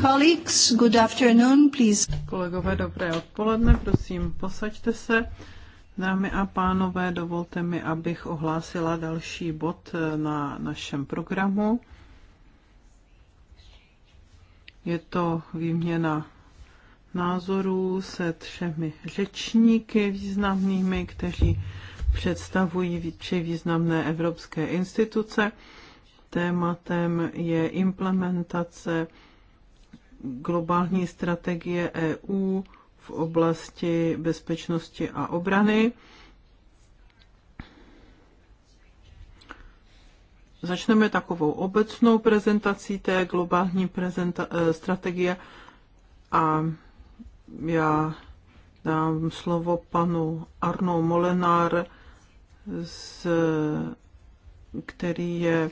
Colleagues, good afternoon, please. Kolegové, dobré odpoledne, prosím, posaďte se. Dámy a pánové, dovolte mi, abych ohlásila další bod eh, na našem programu. Je to výměna názorů se třemi řečníky významnými, kteří představují větší významné evropské instituce tématem je implementace globální strategie EU v oblasti bezpečnosti a obrany. Začneme takovou obecnou prezentací té globální prezenta- eh, strategie a já dám slovo panu Arnou Molenár, z, který je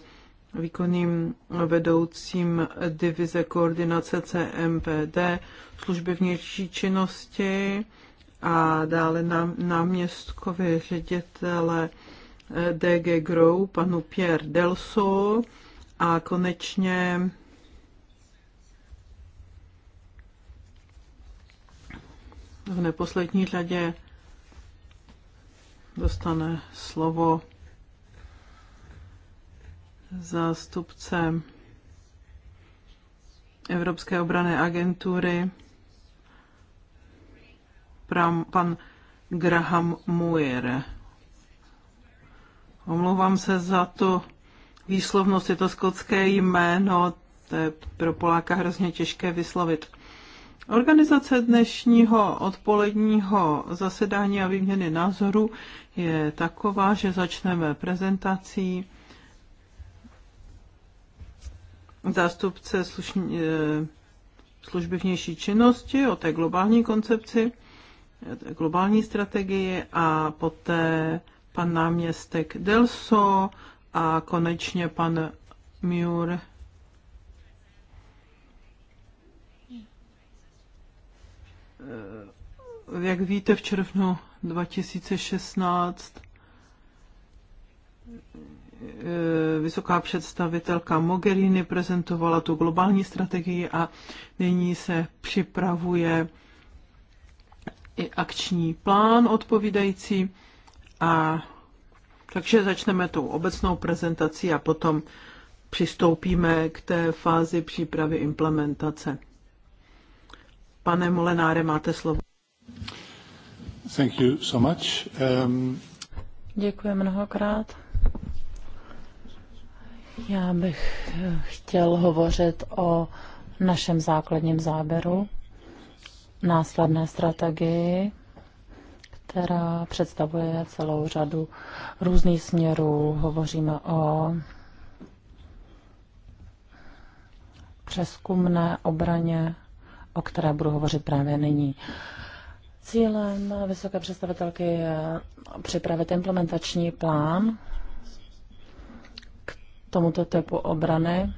výkonným vedoucím divize koordinace CMPD, služby vnější činnosti a dále náměstkovi ředitele eh, DG Grow, panu Pierre Delso a konečně v neposlední řadě dostane slovo zástupce Evropské obrané agentury, pan Graham Muir. Omlouvám se za to výslovnost, je to skotské jméno, to je pro Poláka hrozně těžké vyslovit. Organizace dnešního odpoledního zasedání a výměny názorů je taková, že začneme prezentací zástupce slušní, eh, služby vnější činnosti, o té globální koncepci, eh, globální strategii a poté pan náměstek Delso a konečně pan Mjur. Eh, jak víte, v červnu 2016 Eh, vysoká představitelka Mogherini prezentovala tu globální strategii a nyní se připravuje i akční plán odpovídající. A takže začneme tou obecnou prezentací a potom přistoupíme k té fázi přípravy implementace. Pane Molenáre, máte slovo. Thank you so much. Um... Děkuji mnohokrát. Já bych eh, chtěl hovořit o našem základním záběru, následné strategii, která představuje celou řadu různých směrů. Hovoříme o přeskumné obraně, o které budu hovořit právě nyní. Cílem vysoké představitelky je připravit implementační plán tomuto typu obrany,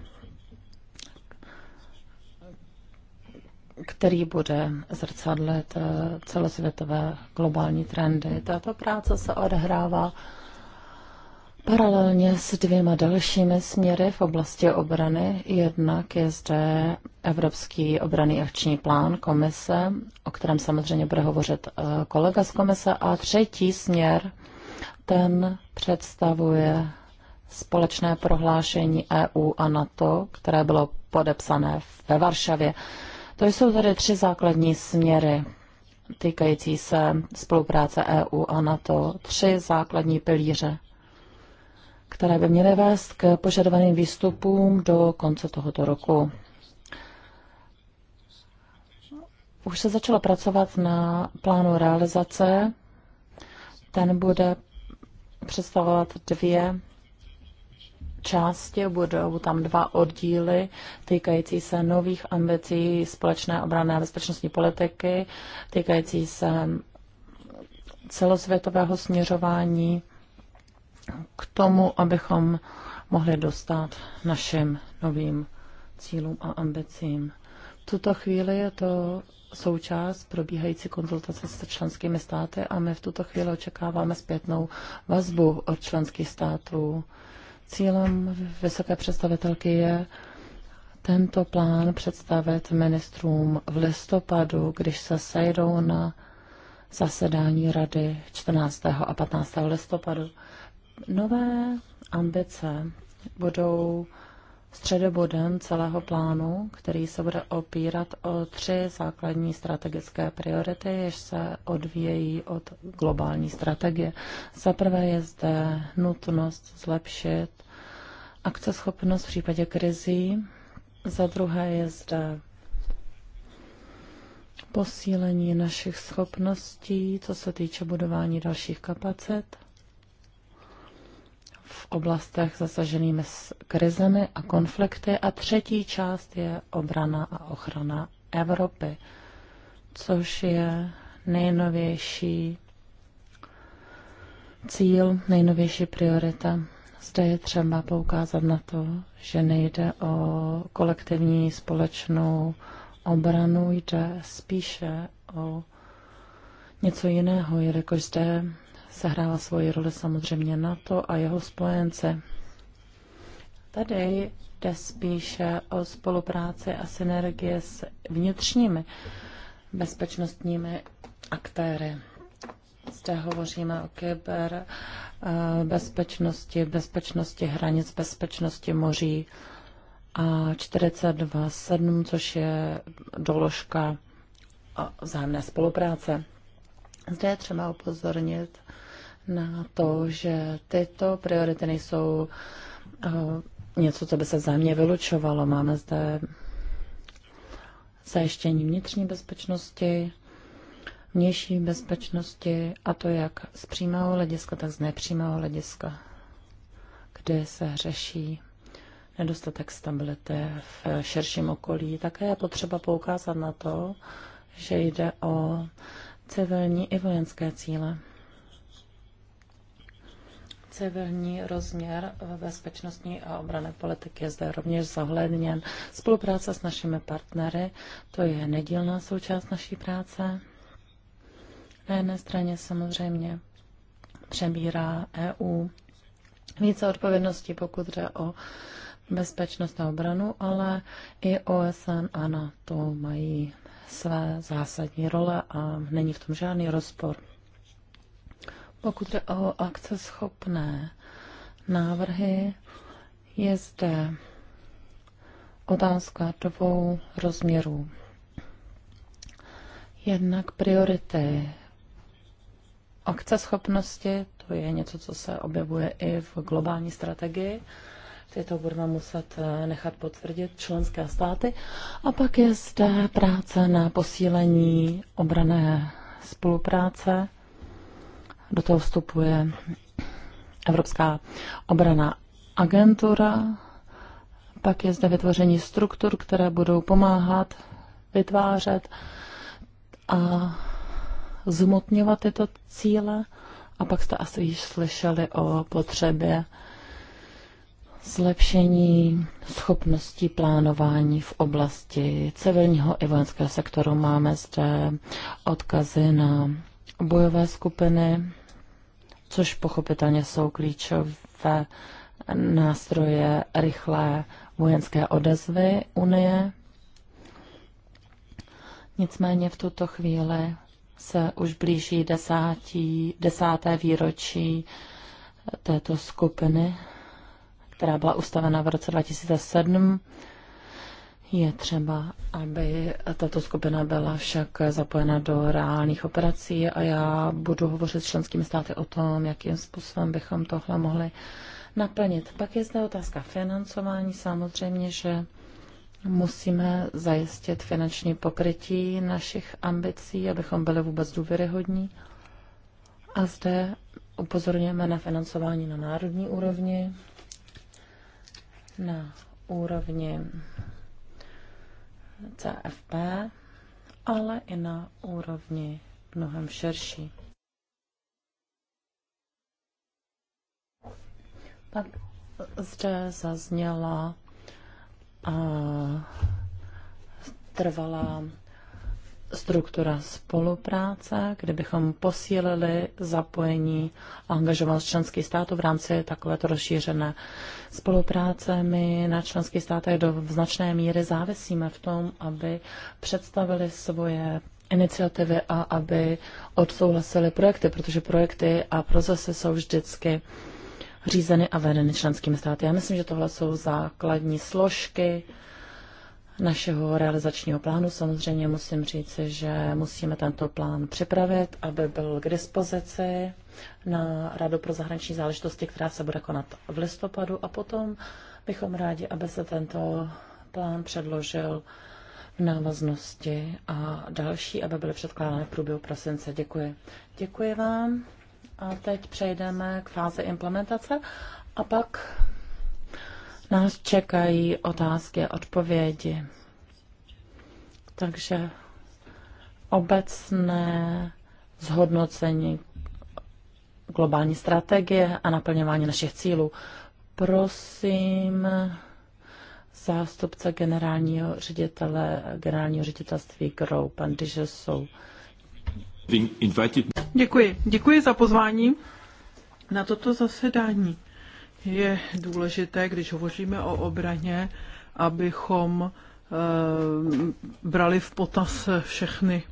který bude zrcadlit eh, celosvětové globální trendy. Tato práce se odehrává Paralelně s dvěma dalšími směry v oblasti obrany, jednak je zde Evropský obraný akční plán komise, o kterém samozřejmě bude hovořit eh, kolega z komise, a třetí směr, ten představuje společné prohlášení EU a NATO, které bylo podepsané ve Varšavě. To jsou tedy tři základní směry týkající se spolupráce EU a NATO, tři základní pilíře, které by měly vést k požadovaným výstupům do konce tohoto roku. Už se začalo pracovat na plánu realizace. Ten bude představovat dvě části, budou tam dva oddíly týkající se nových ambicí společné obrané a bezpečnostní politiky, týkající se celosvětového směřování k tomu, abychom mohli dostat našim novým cílům a ambicím. V tuto chvíli je to součást probíhající konzultace se členskými státy a my v tuto chvíli očekáváme zpětnou vazbu od členských států. Cílem vysoké představitelky je tento plán představit ministrům v listopadu, když se sejdou na zasedání rady 14. a 15. listopadu. Nové ambice budou středobodem celého plánu, který se bude opírat o tři základní strategické priority, jež se odvíjejí od globální strategie. Za prvé je zde nutnost zlepšit akceschopnost v případě krizí, za druhé je zde posílení našich schopností, co se týče budování dalších kapacit, v oblastech zasaženými s krizemi a konflikty a třetí část je obrana a ochrana Evropy, což je nejnovější cíl, nejnovější priorita. Zde je třeba poukázat na to, že nejde o kolektivní společnou obranu, jde spíše o něco jiného, jelikož zde sehrála svoji roli samozřejmě NATO a jeho spojence. Tady jde spíše o spolupráci a synergie s vnitřními bezpečnostními aktéry. Zde hovoříme o kyber eh, bezpečnosti, bezpečnosti hranic, bezpečnosti moří a 42.7, což je doložka vzájemné spolupráce. Zde je třeba upozornit na to, že tyto priority nejsou eh, něco, co by se mě vylučovalo. Máme zde zajištění vnitřní bezpečnosti, vnější bezpečnosti, a to jak z přímého hlediska, tak z nepřímého hlediska, kde se řeší nedostatek stability v širším okolí. Také je potřeba poukázat na to, že jde o civilní i vojenské cíle. Civilní rozměr bezpečnostní a obrané politiky je zde rovněž zohledněn. Spolupráce s našimi partnery, to je nedílná součást naší práce. Na jedné straně samozřejmě přebírá EU více odpovědností, pokud jde o bezpečnost a obranu, ale i OSN a NATO mají své zásadní role a není v tom žádný rozpor. Pokud jde o akceschopné návrhy, je zde otázka dvou rozměrů. Jednak priority akceschopnosti, to je něco, co se objevuje i v globální strategii. Tyto budeme muset eh, nechat potvrdit členské státy. A pak je zde práce na posílení obrané spolupráce do toho vstupuje Evropská obrana agentura, pak je zde vytvoření struktur, které budou pomáhat vytvářet a zmotňovat tyto cíle. A pak jste asi již slyšeli o potřebě zlepšení schopností plánování v oblasti civilního i vojenského sektoru. Máme zde odkazy na bojové skupiny, což pochopitelně jsou klíčové nástroje rychlé vojenské odezvy Unie. Nicméně v tuto chvíli se už blíží desátí, desáté výročí této skupiny, která byla ustavena v roce 2007 je třeba, aby tato skupina byla však zapojena do reálných operací a já budu hovořit s členskými státy o tom, jakým způsobem bychom tohle mohli naplnit. Pak je zde otázka financování. Samozřejmě, že musíme zajistit finanční pokrytí našich ambicí, abychom byli vůbec důvěryhodní. A zde upozorňujeme na financování na národní úrovni, na úrovni CFP, ale i na úrovni mnohem širší. Pak zde zazněla a, eh, trvalá struktura spolupráce, kde bychom posílili zapojení a angažovanost členských států v rámci takovéto rozšířené spolupráce. My na členských státech do značné míry závisíme v tom, aby představili svoje iniciativy a aby odsouhlasili projekty, protože projekty a procesy jsou vždycky řízeny a vedeny členskými státy. Já myslím, že tohle jsou základní složky našeho realizačního plánu. Samozřejmě musím říct, že musíme tento plán připravit, aby byl k dispozici na Radu pro zahraniční záležitosti, která se bude konat v listopadu a potom bychom rádi, aby se tento plán předložil v návaznosti a další, aby byly předkládány v průběhu prosince. Děkuji. Děkuji vám. A teď přejdeme k fázi implementace a pak nás čekají otázky a odpovědi. Takže obecné zhodnocení globální strategie a naplňování našich cílů. Prosím zástupce generálního ředitele, generálního ředitelství Grou, pan Dižesou. Děkuji. Děkuji za pozvání na toto zasedání je důležité, když hovoříme o obraně, abychom eh, brali v potaz všechny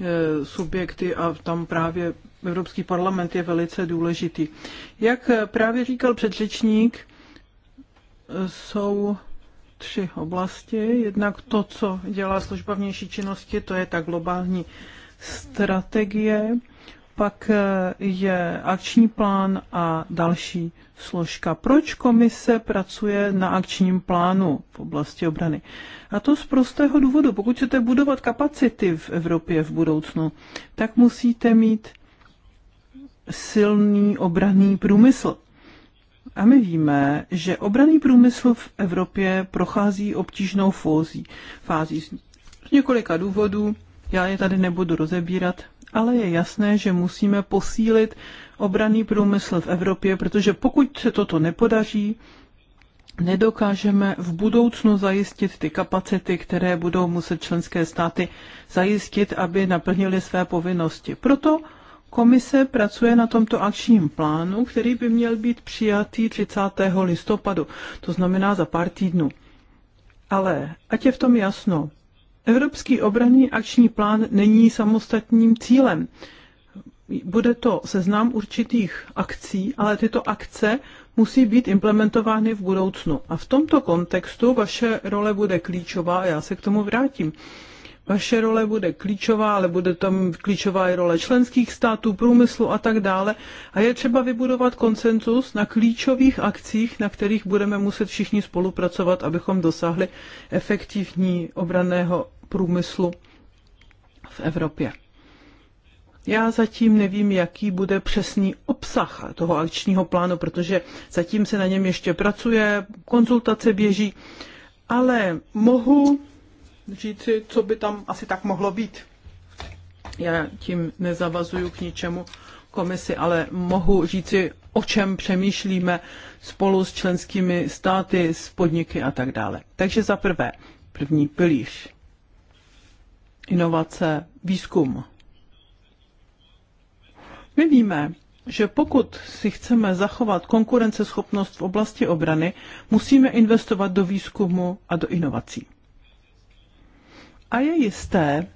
eh, subjekty a tam právě Evropský parlament je velice důležitý. Jak eh, právě říkal předřečník, jsou tři oblasti. Jednak to, co dělá služba vnější činnosti, to je ta globální strategie pak eh, je akční plán a další složka. Proč komise pracuje na akčním plánu v oblasti obrany? A to z prostého důvodu. Pokud chcete budovat kapacity v Evropě v budoucnu, tak musíte mít silný obranný průmysl. A my víme, že obraný průmysl v Evropě prochází obtížnou fózí, fází z několika důvodů. Já je tady nebudu rozebírat, ale je jasné, že musíme posílit obraný průmysl v Evropě, protože pokud se toto nepodaří, nedokážeme v budoucnu zajistit ty kapacity, které budou muset členské státy zajistit, aby naplnili své povinnosti. Proto komise pracuje na tomto akčním plánu, který by měl být přijatý 30. listopadu, to znamená za pár týdnů. Ale ať je v tom jasno, Evropský obranný akční plán není samostatným cílem. Bude to seznam určitých akcí, ale tyto akce musí být implementovány v budoucnu. A v tomto kontextu vaše role bude klíčová a já se k tomu vrátím. Vaše role bude klíčová, ale bude tam klíčová i role členských států, průmyslu a tak dále. A je třeba vybudovat konsenzus na klíčových akcích, na kterých budeme muset všichni spolupracovat, abychom dosáhli efektivní obraného průmyslu v Evropě. Já zatím nevím, jaký bude přesný obsah toho akčního plánu, protože zatím se na něm ještě pracuje, konzultace běží, ale mohu říci, co by tam asi tak mohlo být. Já tím nezavazuju k ničemu komisi, ale mohu říci, o čem přemýšlíme spolu s členskými státy, s podniky a tak dále. Takže za prvé, první pilíř, inovace, výzkum. My víme, že pokud si chceme zachovat konkurenceschopnost v oblasti obrany, musíme investovat do výzkumu a do inovací. A je jisté,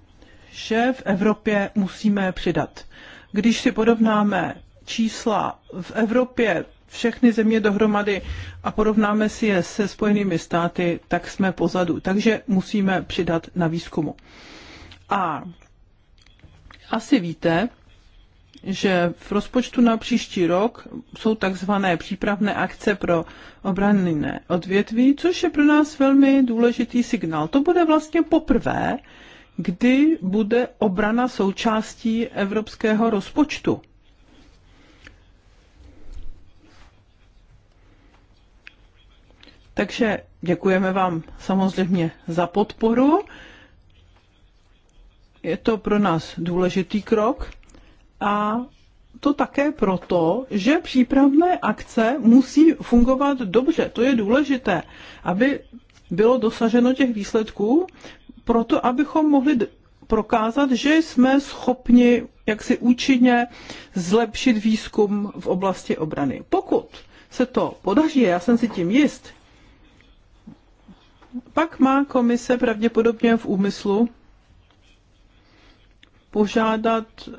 že v Evropě musíme přidat. Když si porovnáme čísla v Evropě všechny země dohromady a porovnáme si je se Spojenými státy, tak jsme pozadu. Takže musíme přidat na výzkumu. A asi víte, že v rozpočtu na příští rok jsou takzvané přípravné akce pro obranné odvětví, což je pro nás velmi důležitý signál. To bude vlastně poprvé, kdy bude obrana součástí evropského rozpočtu. Takže děkujeme vám samozřejmě za podporu. Je to pro nás důležitý krok a to také proto, že přípravné akce musí fungovat dobře. To je důležité, aby bylo dosaženo těch výsledků, proto abychom mohli prokázat, že jsme schopni jak si účinně zlepšit výzkum v oblasti obrany. Pokud se to podaří, já jsem si tím jist, pak má komise pravděpodobně v úmyslu požádat eh,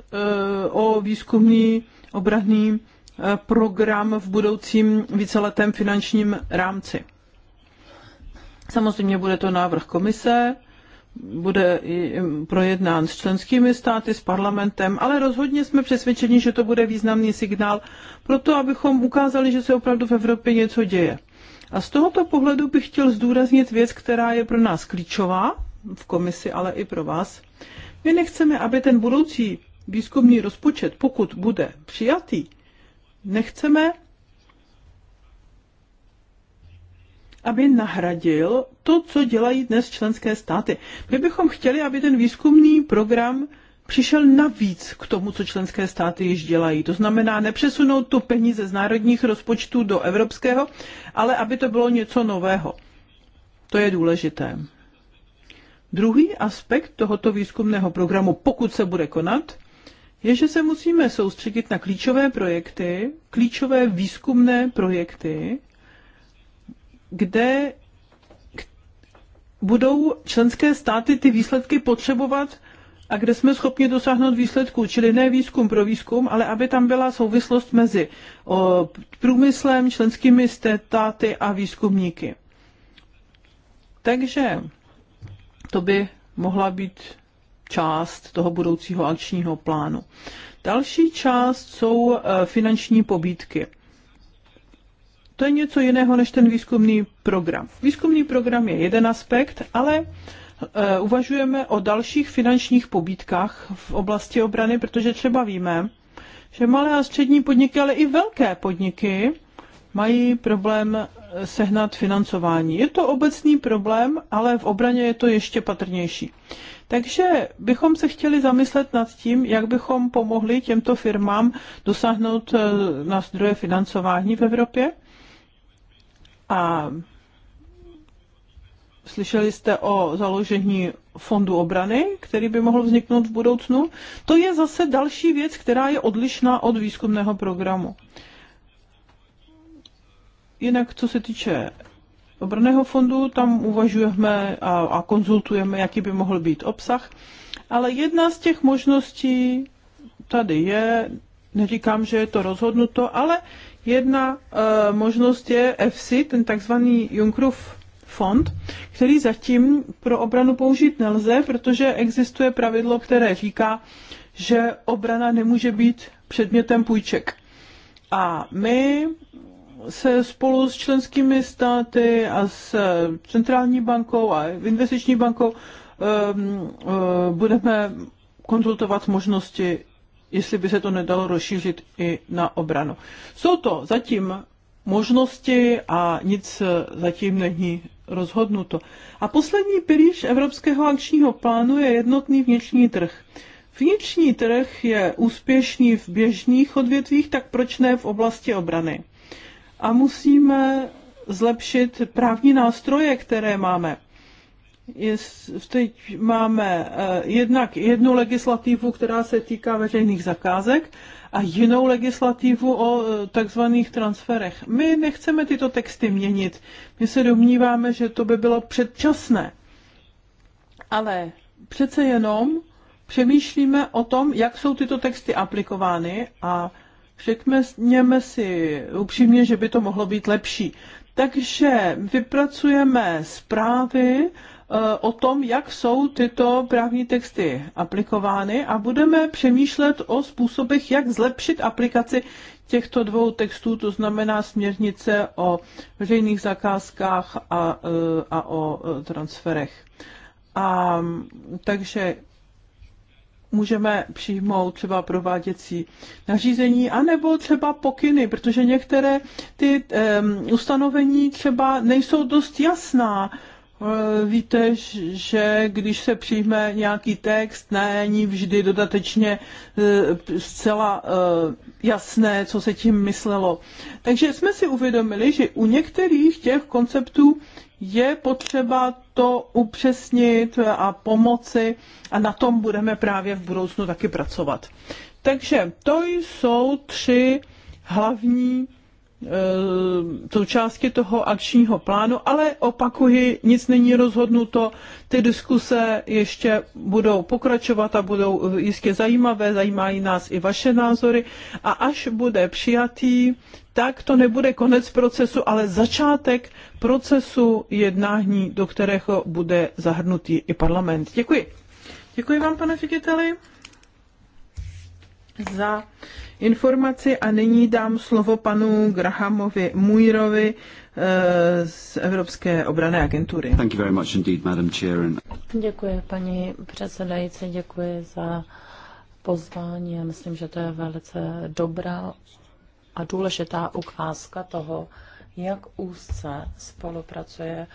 o výzkumný obranný eh, program v budoucím víceletém finančním rámci. Samozřejmě bude to návrh komise, bude mm, projednán s členskými státy, s parlamentem, ale rozhodně jsme přesvědčeni, že to bude významný signál pro to, abychom ukázali, že se opravdu v Evropě něco děje. A z tohoto pohledu bych chtěl zdůraznit věc, která je pro nás klíčová, v komisi, ale i pro vás. My nechceme, aby ten budoucí výzkumný rozpočet, pokud bude přijatý, nechceme, aby nahradil to, co dělají dnes členské státy. My bychom chtěli, aby ten výzkumný program přišel navíc k tomu, co členské státy již dělají. To znamená nepřesunout tu peníze z národních rozpočtů do evropského, ale aby to bylo něco nového. To je důležité. Druhý aspekt tohoto výzkumného programu, pokud se bude konat, je, že se musíme soustředit na klíčové projekty, klíčové výzkumné projekty, kde budou členské státy ty výsledky potřebovat a kde jsme schopni dosáhnout výsledků, čili ne výzkum pro výzkum, ale aby tam byla souvislost mezi průmyslem, členskými státy a výzkumníky. Takže to by mohla být část toho budoucího akčního plánu. Další část jsou eh, finanční pobídky. To je něco jiného než ten výzkumný program. Výzkumný program je jeden aspekt, ale eh, uvažujeme o dalších finančních pobídkách v oblasti obrany, protože třeba víme, že malé a střední podniky, ale i velké podniky mají problém sehnat financování. Je to obecný problém, ale v obraně je to ještě patrnější. Takže bychom se chtěli zamyslet nad tím, jak bychom pomohli těmto firmám dosáhnout eh, na zdroje financování v Evropě. A slyšeli jste o založení fondu obrany, který by mohl vzniknout v budoucnu. To je zase další věc, která je odlišná od výzkumného programu. Jinak, co se týče obraného fondu, tam uvažujeme a, a konzultujeme, jaký by mohl být obsah. Ale jedna z těch možností tady je, neříkám, že je to rozhodnuto, ale jedna e, možnost je FC, ten takzvaný Junckerův fond, který zatím pro obranu použít nelze, protože existuje pravidlo, které říká, že obrana nemůže být předmětem půjček. A my se spolu s členskými státy a s centrální bankou a investiční bankou ehm, eh, budeme konzultovat možnosti, jestli by se to nedalo rozšířit i na obranu. Jsou to zatím možnosti a nic zatím není rozhodnuto. A poslední pilíř Evropského akčního plánu je jednotný vnitřní trh. Vnitřní trh je úspěšný v běžných odvětvích, tak proč ne v oblasti obrany? a musíme zlepšit právní nástroje, které máme. Teď máme eh, jednak jednu legislativu, která se týká veřejných zakázek a jinou legislativu o eh, takzvaných transferech. My nechceme tyto texty měnit. My se domníváme, že to by bylo předčasné. Ale přece jenom přemýšlíme o tom, jak jsou tyto texty aplikovány a řekněme si upřímně, že by to mohlo být lepší. Takže vypracujeme zprávy eh, o tom, jak jsou tyto právní texty aplikovány a budeme přemýšlet o způsobech, jak zlepšit aplikaci těchto dvou textů, to znamená směrnice o veřejných zakázkách a, eh, a o eh, transferech. A, mm, takže můžeme přijmout třeba prováděcí nařízení, anebo třeba pokyny, protože některé ty um, ustanovení třeba nejsou dost jasná Eh, víte, že když se přijme nějaký text, není vždy dodatečně eh, zcela eh, jasné, co se tím myslelo. Takže jsme si uvědomili, že u některých těch konceptů je potřeba to upřesnit a pomoci a na tom budeme právě v budoucnu taky pracovat. Takže to jsou tři hlavní součástí eh, toho akčního plánu, ale opakuji, nic není rozhodnuto. Ty diskuse ještě budou pokračovat a budou jistě zajímavé, zajímají nás i vaše názory a až bude přijatý, tak to nebude konec procesu, ale začátek procesu jednání, do kterého bude zahrnutý i parlament. Děkuji. Děkuji vám, pane řediteli za informaci a nyní dám slovo panu Grahamovi Mujrovi eh, z Evropské obrané agentury. Thank you very much indeed, Madam Chair. Děkuji, paní předsedající, děkuji za pozvání. Já myslím, že to je velice dobrá a důležitá ukázka toho, jak úzce spolupracuje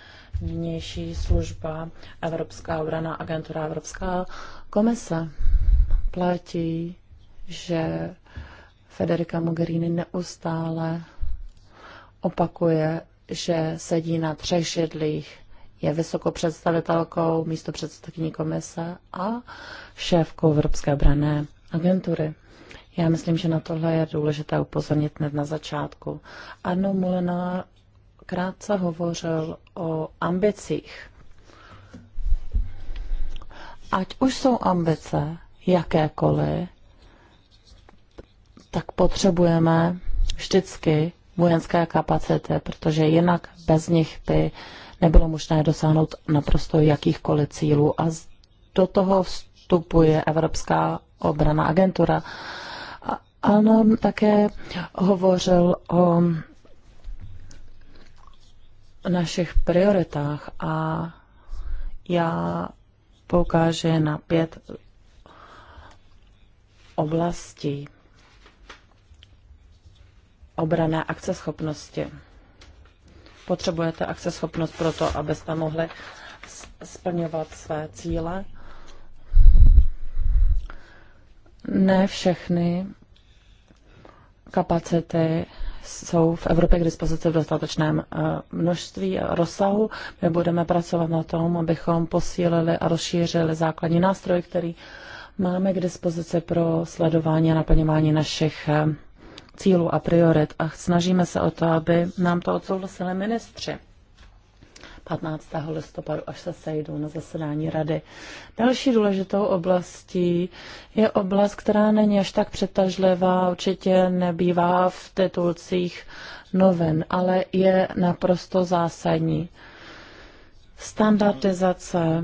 vnější služba Evropská obraná agentura Evropská komise. Platí že Federica Mogherini neustále opakuje, že sedí na třech židlích, je vysokou představitelkou, místo předsedkyní komise a šéfkou Evropské obrané agentury. Já myslím, že na tohle je důležité upozornit hned na začátku. Ano, Mulina krátce hovořil o ambicích. Ať už jsou ambice jakékoliv, tak potřebujeme vždycky vojenské kapacity, protože jinak bez nich by nebylo možné dosáhnout naprosto jakýchkoliv cílů. A do toho vstupuje Evropská obrana agentura. Ano, také hovořil o našich prioritách a já poukážu na pět oblastí obrané akceschopnosti. Potřebujete akceschopnost pro to, abyste mohli splňovat své cíle. Ne všechny kapacity jsou v Evropě k dispozici v dostatečném eh, množství a rozsahu. My budeme pracovat na tom, abychom posílili a rozšířili základní nástroj, který máme k dispozici pro sledování a naplňování našich eh, cílů a priorit a snažíme se o to, aby nám to odsouhlasili ministři. 15. listopadu, až se sejdou na zasedání rady. Další důležitou oblastí je oblast, která není až tak přetažlivá, určitě nebývá v titulcích novin, ale je naprosto zásadní. Standardizace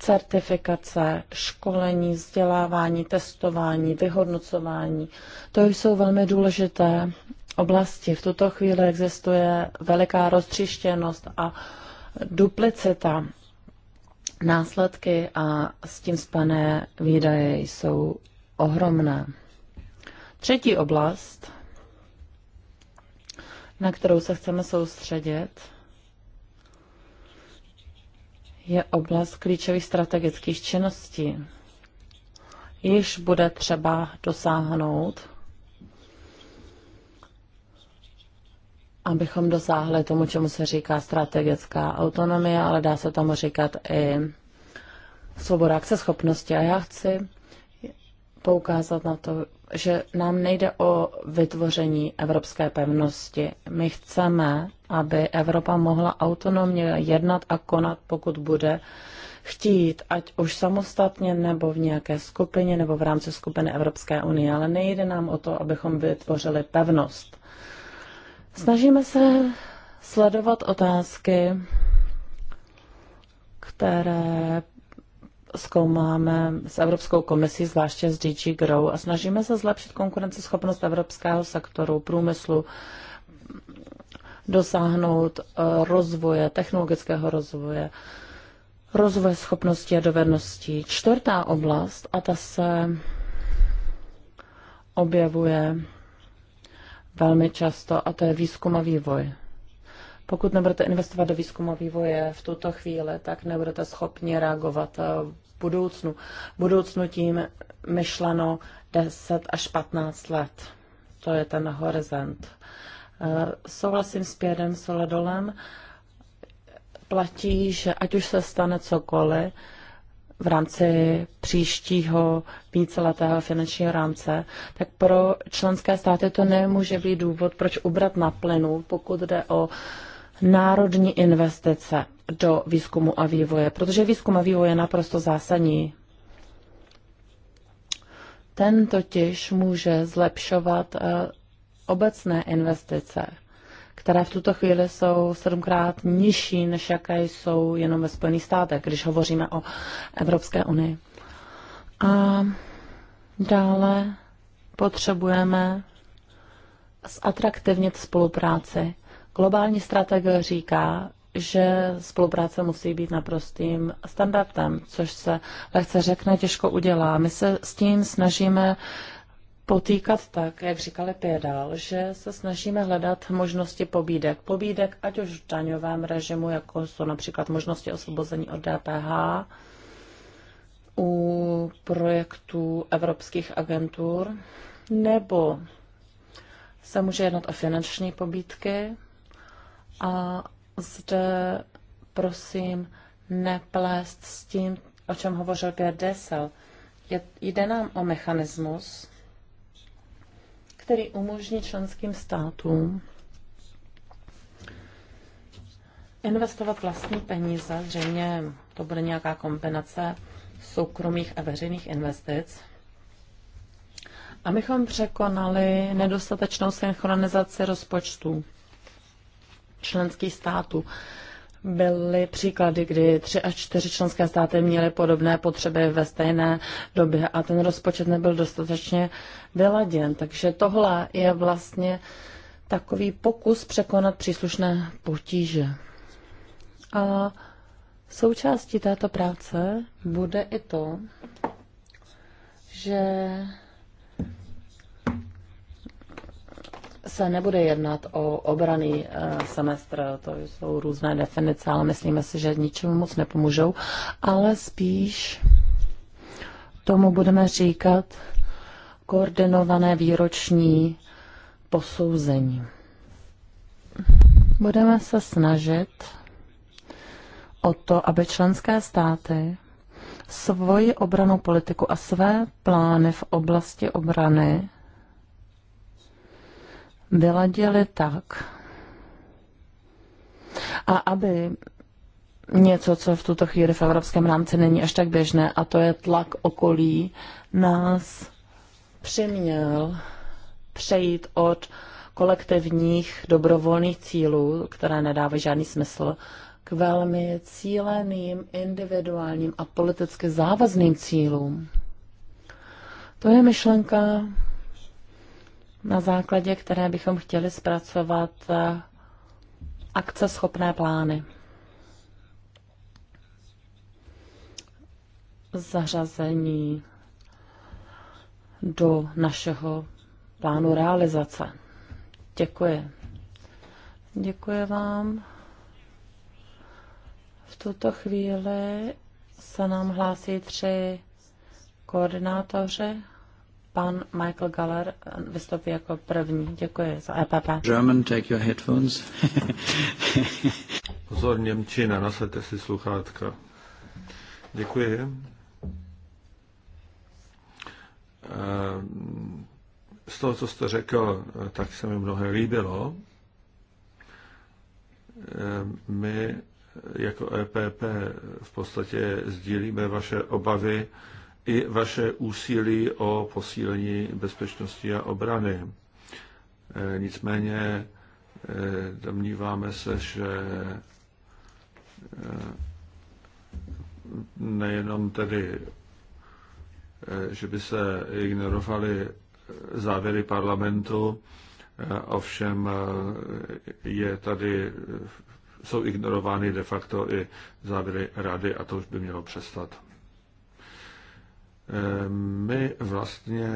certifikace, školení, vzdělávání, testování, vyhodnocování. To jsou velmi důležité oblasti. V tuto chvíli existuje veliká roztřištěnost a duplicita. Následky a s tím spané výdaje jsou ohromné. Třetí oblast, na kterou se chceme soustředit, je oblast klíčových strategických činností. Již bude třeba dosáhnout, abychom dosáhli tomu, čemu se říká strategická autonomie, ale dá se tomu říkat i svoboda schopnosti. A já chci poukázat na to, že nám nejde o vytvoření evropské pevnosti. My chceme, aby Evropa mohla autonomně jednat a konat, pokud bude chtít, ať už samostatně nebo v nějaké skupině nebo v rámci skupiny Evropské unie, ale nejde nám o to, abychom vytvořili pevnost. Snažíme se sledovat otázky, které zkoumáme s Evropskou komisí, zvláště s DG Grow, a snažíme se zlepšit konkurenceschopnost evropského sektoru, průmyslu, dosáhnout eh, rozvoje, technologického rozvoje, rozvoje schopností a dovedností. Čtvrtá oblast, a ta se objevuje velmi často, a to je výzkum a vývoj. Pokud nebudete investovat do výzkumu a vývoje v tuto chvíli, tak nebudete schopni reagovat eh, v budoucnu. V budoucnu tím myšleno 10 až 15 let. To je ten horizont. Eh, souhlasím s Pědem Soledolem. Platí, že ať už se stane cokoliv, v rámci příštího víceletého finančního rámce, tak pro členské státy to nemůže být důvod, proč ubrat na plynu, pokud jde o uh, národní investice do výzkumu a vývoje, protože výzkum a vývoj je naprosto zásadní. Ten totiž může zlepšovat eh, obecné investice, které v tuto chvíli jsou sedmkrát nižší, než jaké jsou jenom ve Spojených státech, když hovoříme o Evropské unii. A dále potřebujeme zatraktivnit spolupráci Globální strategie říká, že spolupráce musí být naprostým standardem, což se lehce řekne, těžko udělá. My se s tím snažíme potýkat tak, jak říkali Pědal, že se snažíme hledat možnosti pobídek. Pobídek ať už v daňovém režimu, jako jsou například možnosti osvobození od DPH, u projektů evropských agentur, nebo se může jednat o finanční pobídky, a zde prosím neplést s tím, o čem hovořil Pierre Dessel. Je, jde nám o mechanismus, který umožní členským státům investovat vlastní peníze, zřejmě to bude nějaká kombinace soukromých a veřejných investic, mychom překonali nedostatečnou synchronizaci rozpočtů členských států. Byly příklady, kdy tři až čtyři členské státy měly podobné potřeby ve stejné době a ten rozpočet nebyl dostatečně vyladěn. Takže tohle je vlastně takový pokus překonat příslušné potíže. A součástí této práce bude i to, že se nebude jednat o obraný eh, semestr, to jsou různé definice, ale myslíme si, že ničemu moc nepomůžou, ale spíš tomu budeme říkat koordinované výroční posouzení. Budeme se snažit o to, aby členské státy svoji obranou politiku a své plány v oblasti obrany vyladili tak, a aby něco, co v tuto chvíli v evropském rámci není až tak běžné, a to je tlak okolí, nás přiměl přejít od kolektivních dobrovolných cílů, které nedávají žádný smysl, k velmi cíleným, individuálním a politicky závazným cílům. To je myšlenka, na základě které bychom chtěli zpracovat eh, akceschopné plány. Zařazení do našeho plánu realizace. Děkuji. Děkuji vám. V tuto chvíli se nám hlásí tři koordinátoři Pan Michael Galler eh, vystoupí jako první. Děkuji za EPP. German, take your headphones. Pozor, Němčina, nasaďte si sluchátka. Děkuji. Eh, z toho, co jste řekl, eh, tak se mi mnohé líbilo. My jako EPP v podstatě sdílíme vaše obavy, i vaše úsilí o posílení bezpečnosti a obrany. E, nicméně e, domníváme se, že e, nejenom tedy, že by se ignorovaly závěry parlamentu, ovšem je tady, jsou ignorovány de facto i závěry rady a to už by mělo přestat. Eh, my vlastně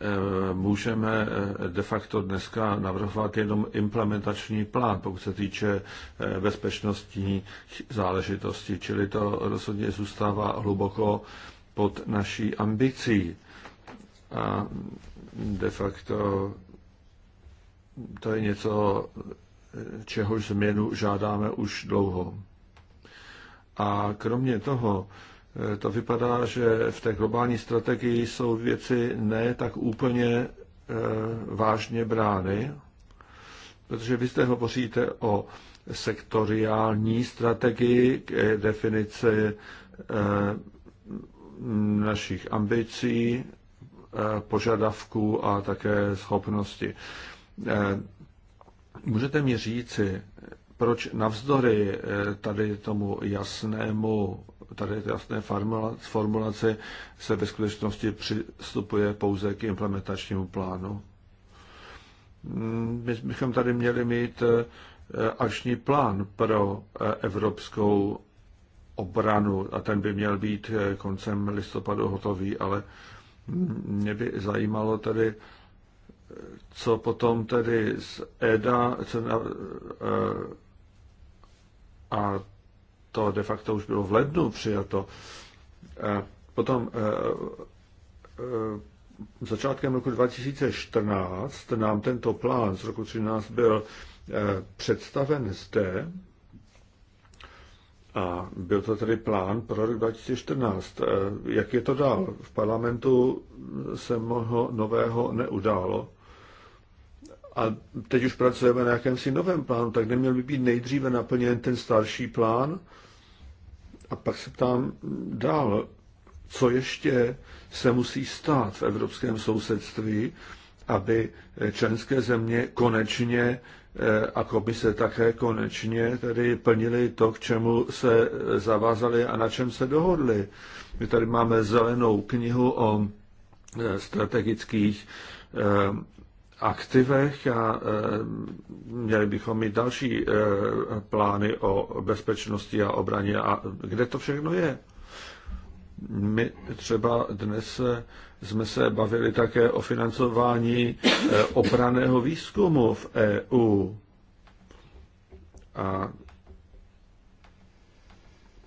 eh, můžeme eh, de facto dneska navrhovat jenom implementační plán, pokud se týče bezpečnostní záležitosti, čili to rozhodně zůstává hluboko pod naší ambicí. A de facto to je něco, čehož změnu žádáme už dlouho. A kromě toho Eh, to vypadá, že v té globální strategii jsou věci ne tak úplně eh, vážně brány, protože vy zde hovoříte o sektoriální strategii k eh, definici našich ambicí, požadavků a také schopnosti. Můžete mi říci, proč navzdory tady tomu jasnému tady je jasné formulace se ve skutečnosti přistupuje pouze k implementačnímu plánu. My bychom tady měli mít eh, akční plán pro eh, evropskou obranu a ten by měl být eh, koncem listopadu hotový, ale mě by zajímalo tedy, co potom tedy z EDA co na, a to de facto už bylo v lednu přijato. Potom eh, eh, začátkem roku 2014 nám tento plán z roku 13 byl eh, představen zde a byl to tedy plán pro rok 2014. Jak je to dál? V parlamentu se mnoho nového neudálo a teď už pracujeme na jakémsi novém plánu, tak neměl by být nejdříve naplněn ten starší plán. A pak se ptám dál, co ještě se musí stát v evropském sousedství, aby členské země konečně eh, a komise také konečně tedy plnili to, k čemu se eh, zavázali a na čem se dohodli. My tady máme zelenou knihu o eh, strategických aktivech a e, měli bychom mít další e, plány o bezpečnosti a obraně a kde to všechno je. My třeba dnes e, jsme se bavili také o financování obraného výzkumu v EU. A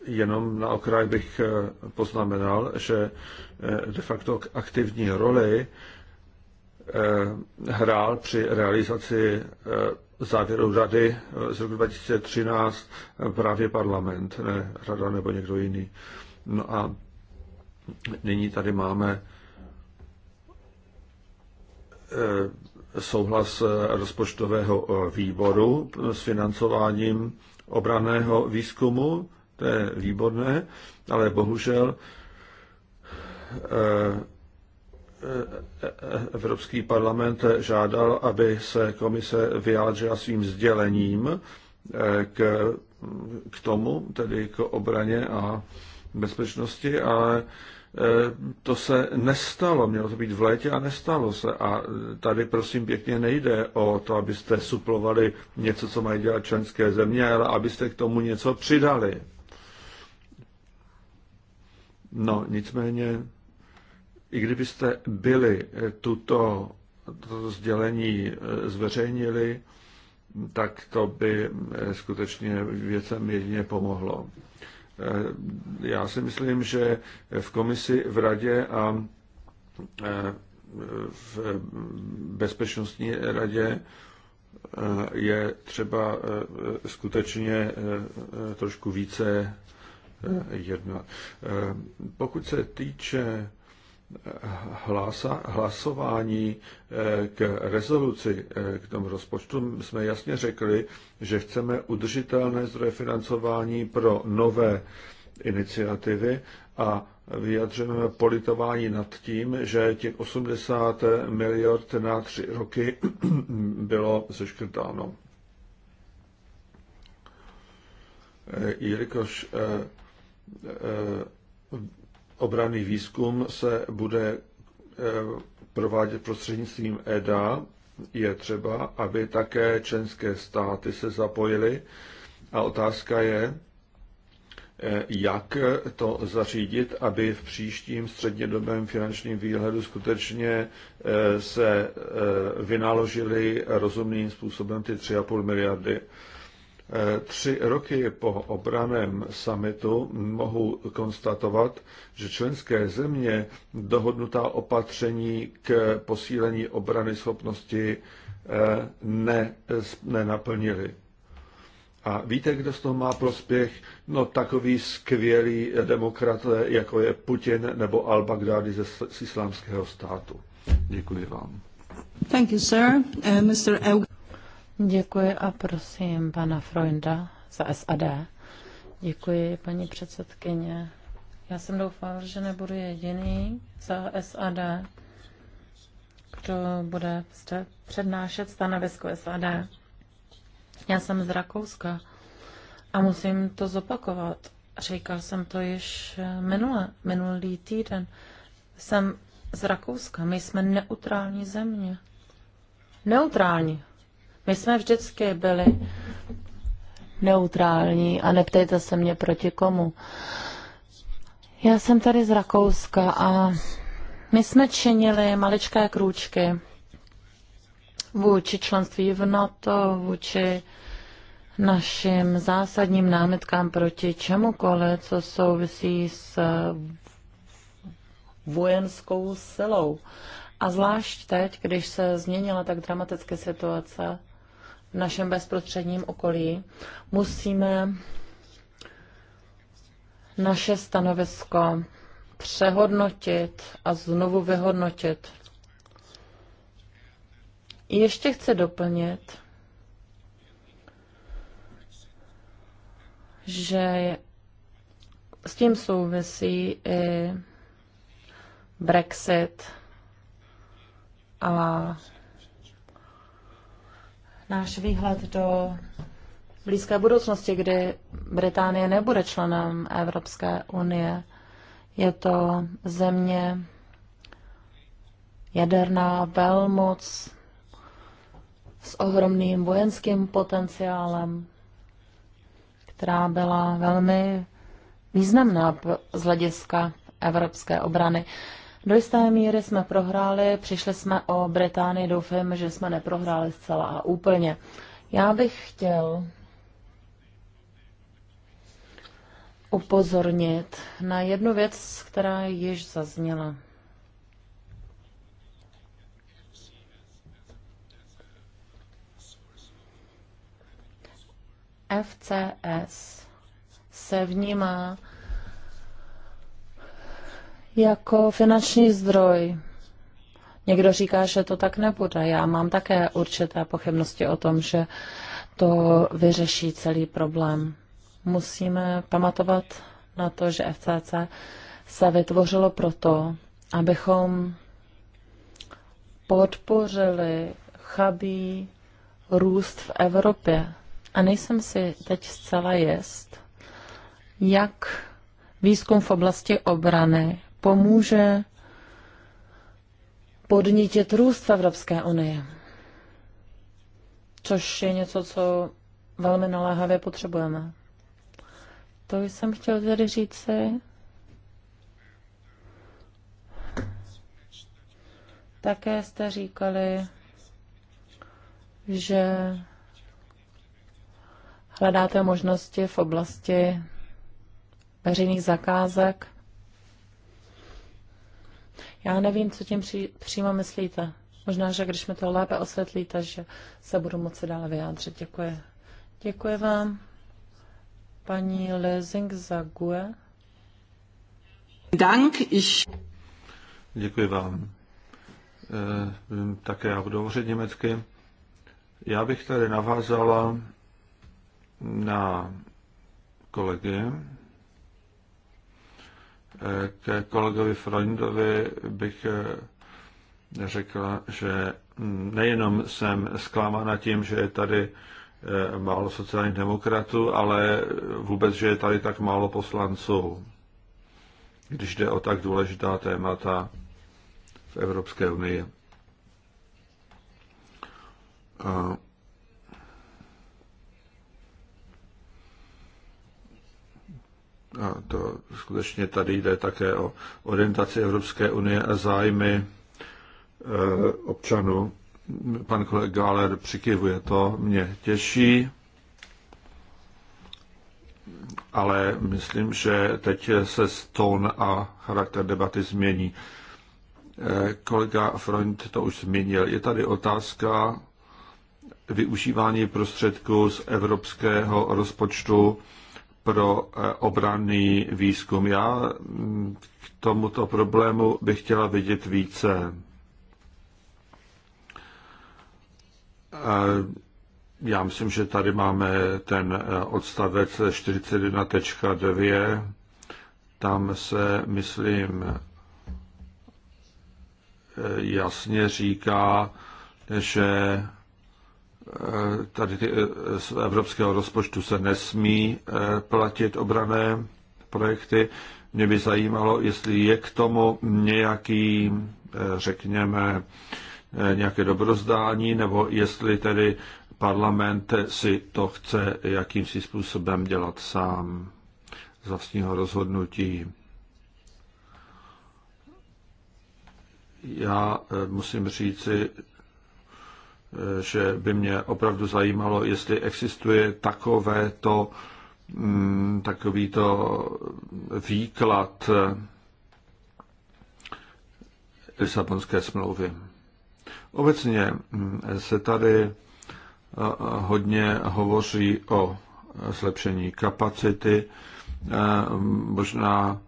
jenom na okraj bych poznamenal, že de facto k aktivní roli Eh, hrál při realizaci eh, závěru rady eh, z roku 2013 právě parlament, ne rada nebo někdo jiný. No a nyní tady máme souhlas rozpočtového výboru s financováním obraného výzkumu, to je výborné, ale bohužel Evropský parlament žádal, aby se komise vyjádřila svým sdělením eh, k, k tomu, tedy k obraně a bezpečnosti, ale eh, to se nestalo, mělo to být v létě a nestalo se. A tady prosím pěkně nejde o to, abyste suplovali něco, co mají dělat členské země, ale abyste k tomu něco přidali. No, nicméně i kdybyste byli eh, tuto, toto sdělení eh, zveřejnili, tak to by eh, skutečně věcem jedině pomohlo. Já si myslím, že v komisi, v radě a v bezpečnostní radě je třeba skutečně trošku více jednat. Pokud se týče hlasa, hlasování eh, k rezoluci, eh, k tomu rozpočtu, jsme jasně řekli, že chceme udržitelné zdroje financování pro nové iniciativy a vyjadřujeme politování nad tím, že těch 80 miliard na tři roky bylo seškrtáno. Eh, jelikož obranný výzkum se bude eh, provádět prostřednictvím EDA. Je třeba, aby také členské státy se zapojily. A otázka je, eh, jak to zařídit, aby v příštím střednědobém finančním výhledu skutečně eh, se vynaložily rozumným způsobem ty 3,5 miliardy tři roky po obraném summitu mohu konstatovat, že členské země dohodnutá opatření k posílení obrany schopnosti eh, ne, nenaplnili. A víte, kdo z toho má prospěch? No takový skvělý demokrat, eh, jako je Putin nebo Al-Baghdadi ze islámského státu. Děkuji vám. Thank you, sir. Uh, Mr. El- Děkuji a prosím pana Freunda za SAD. Děkuji, paní předsedkyně. Já jsem doufal, že nebudu jediný za SAD, kdo bude zde přednášet stanovisko SAD. Já jsem z Rakouska a musím to zopakovat. Říkal jsem to již minule, minulý týden. Jsem z Rakouska, my jsme neutrální země. Neutrální. My jsme vždycky byli neutrální a neptejte se mě proti komu. Já jsem tady z Rakouska a my jsme činili maličké krůčky vůči členství v NATO, vůči našim zásadním námitkám proti čemukoliv, co souvisí s vojenskou silou. A zvlášť teď, když se změnila tak dramaticky situace, v našem bezprostředním okolí, musíme naše stanovisko přehodnotit a znovu vyhodnotit. Ještě chci doplnit, že s tím souvisí i Brexit a náš výhled do blízké budoucnosti, kdy Británie nebude členem Evropské unie. Je to země jaderná velmoc s ohromným vojenským potenciálem, která byla velmi významná z hlediska evropské obrany. Do jisté míry jsme prohráli, přišli jsme o Británii, doufám, že jsme neprohráli zcela a úplně. Já bych chtěl upozornit na jednu věc, která již zazněla. FCS se vnímá jako finanční zdroj. Někdo říká, že to tak nebude. Já mám také určité pochybnosti o tom, že to vyřeší celý problém. Musíme pamatovat na to, že FCC se vytvořilo proto, abychom podpořili chabí růst v Evropě. A nejsem si teď zcela jist, jak výzkum v oblasti obrany pomůže podnítit růst v Evropské unii. Což je něco, co velmi naléhavě potřebujeme. To jsem chtěl tady říct si. Také jste říkali, že hledáte možnosti v oblasti veřejných zakázek já nevím, co tím při, přímo myslíte. Možná, že když mi to lépe osvětlíte, že se budu moci dále vyjádřit. Děkuji. Děkuji vám, paní Lezing za GUE. Dank, ich... Děkuji vám. E, také já budu hovořit německy. Já bych tady navázala na kolegy, ke kolegovi Freundovi bych eh, řekla, že nejenom jsem zklamána tím, že je tady eh, málo sociálních demokratů, ale vůbec, že je tady tak málo poslanců, když jde o tak důležitá témata v Evropské unii. a to skutečně tady jde také o orientaci Evropské unie a zájmy eh, občanů. Pan kolega Galer přikivuje to, mě těší, ale myslím, že teď se tón a charakter debaty změní. Eh, kolega Freund to už změnil? Je tady otázka využívání prostředků z evropského rozpočtu pro eh, obranný výzkum. Já mm, k tomuto problému bych chtěla vidět více. Eh, já myslím, že tady máme ten eh, odstavec 41.9. Tam se, myslím, jasně říká, že tady eh, z evropského rozpočtu se nesmí eh, platit obrané projekty. Mě by zajímalo, jestli je k tomu nějaký, eh, řekněme, nějaké dobrozdání, nebo jestli tedy parlament si to chce jakýmsi způsobem dělat sám z vlastního rozhodnutí. Já musím říci, že by mě opravdu zajímalo, jestli existuje takové to mm, takový to výklad Lisabonské smlouvy. Obecně mm, se tady e, hodně hovoří o zlepšení kapacity. E, možná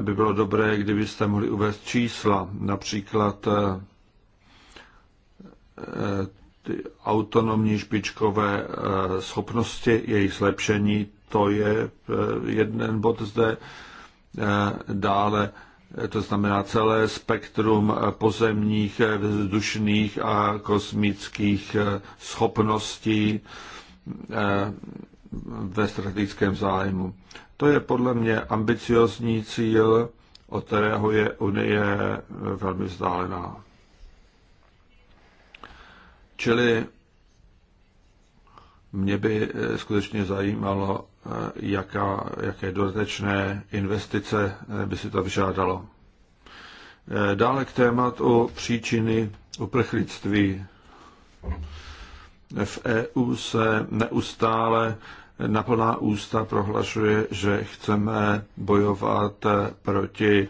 by bylo dobré, kdybyste mohli uvést čísla, například e, ty autonomní špičkové eh, schopnosti, jejich zlepšení, to je eh, jeden bod zde. Eh, dále to znamená celé spektrum pozemních, vzdušných a kosmických schopností ve strategickém zájmu. To je podle mě ambiciozní cíl, od kterého je Unie velmi vzdálená. Čili mě by eh, skutečně zajímalo, eh, jaká, jaké dodatečné investice eh, by si to vyžádalo. Dále k tématu příčiny uprchlictví. V EU se neustále na plná ústa prohlašuje, že chceme bojovat proti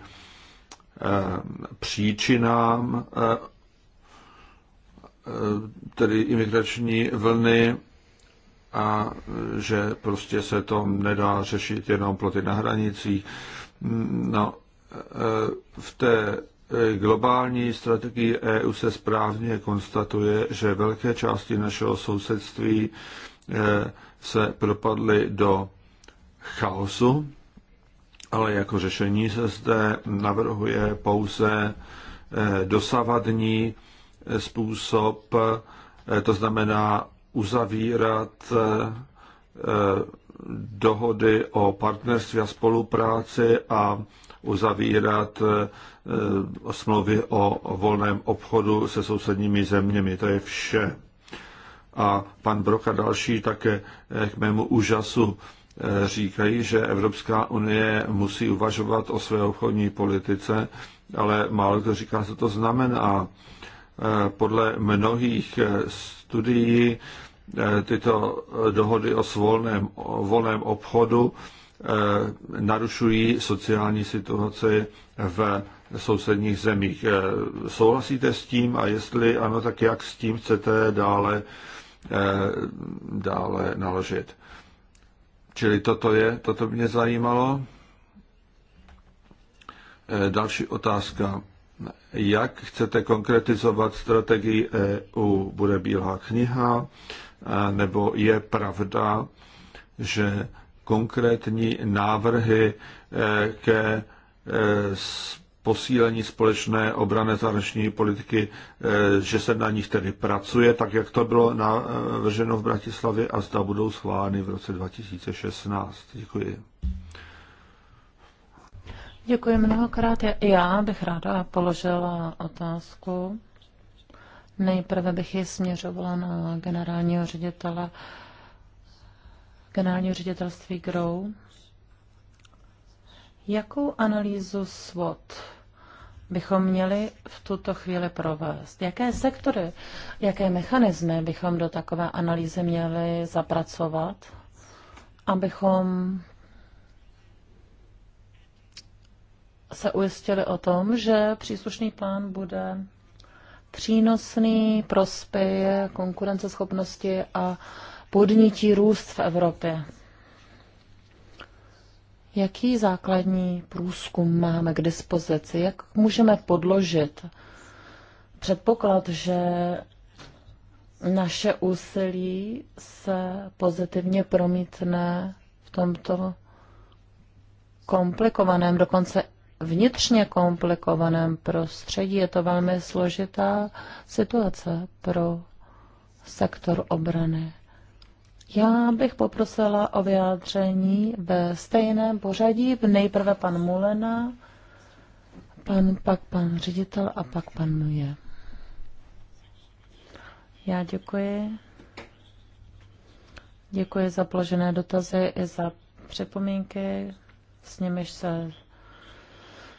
příčinám Eh, tedy imigrační vlny a že prostě se to nedá řešit jenom ploty na hranicích. No, eh, v té eh, globální strategii EU se správně konstatuje, že velké části našeho sousedství se propadly do chaosu, ale jako řešení se zde navrhuje pouze dosavadní způsob, eh, to znamená uzavírat eh, eh, dohody o partnerství a spolupráci a uzavírat smlouvy o volném obchodu se sousedními zeměmi. To je vše. A pan Brok a další také k mému úžasu říkají, že Evropská unie musí uvažovat o své obchodní politice, ale málo kdo říká, co to znamená. Eh, podle mnohých eh, studií eh, tyto dohody o svolném, o volném obchodu narušují sociální situaci v sousedních zemích. Souhlasíte s tím a jestli ano, tak jak s tím chcete dále, dále naložit? Čili toto je, toto mě zajímalo. Další otázka jak chcete konkretizovat strategii EU. Bude bílá kniha, nebo je pravda, že konkrétní návrhy e, ke e, posílení společné obrané zahraniční politiky, e, že se na nich tedy pracuje, tak jak to bylo navrženo v Bratislavě a zda budou schváleny v roce 2016. Děkuji. Děkuji mnohokrát. Já bych ráda položila otázku. Nejprve bych ji směřovala na generálního ředitele generálního ředitelství GROW. Jakou analýzu SWOT bychom měli v tuto chvíli provést? Jaké sektory, jaké mechanismy bychom do takové analýzy měli zapracovat, abychom se ujistili o tom, že příslušný plán bude přínosný, prospěje konkurenceschopnosti a podnítí růst v Evropě. Jaký základní průzkum máme k dispozici? Jak můžeme podložit předpoklad, že naše úsilí se pozitivně promítne v tomto komplikovaném, dokonce vnitřně komplikovaném prostředí. Je to velmi složitá situace pro sektor obrany. Já bych poprosila o vyjádření ve stejném pořadí. Nejprve pan Mulena, pan, pak pan ředitel a pak pan Muje. Já děkuji. Děkuji za položené dotazy i za připomínky, s nimiž se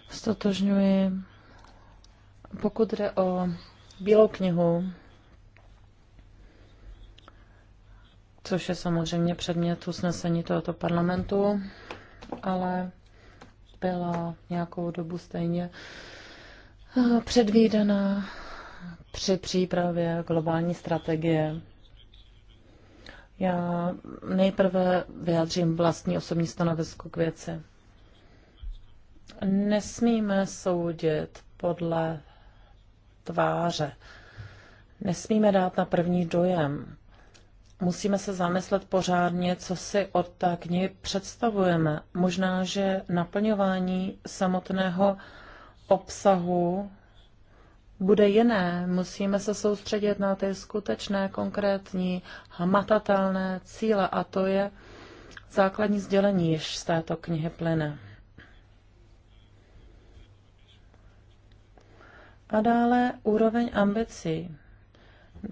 Stotožňuji. Pokud jde o Bílou knihu, což je samozřejmě předmět usnesení tohoto parlamentu, ale byla nějakou dobu stejně eh, předvídaná při přípravě globální strategie. Já nejprve vyjádřím vlastní osobní stanovisko k věci. Nesmíme soudit podle tváře. Nesmíme dát na první dojem. Musíme se zamyslet pořádně, co si od té knihy představujeme. Možná, že naplňování samotného obsahu bude jiné. Musíme se soustředit na ty skutečné, konkrétní, hmatatelné cíle a to je základní sdělení, jež z této knihy plyne. A dále úroveň ambicí.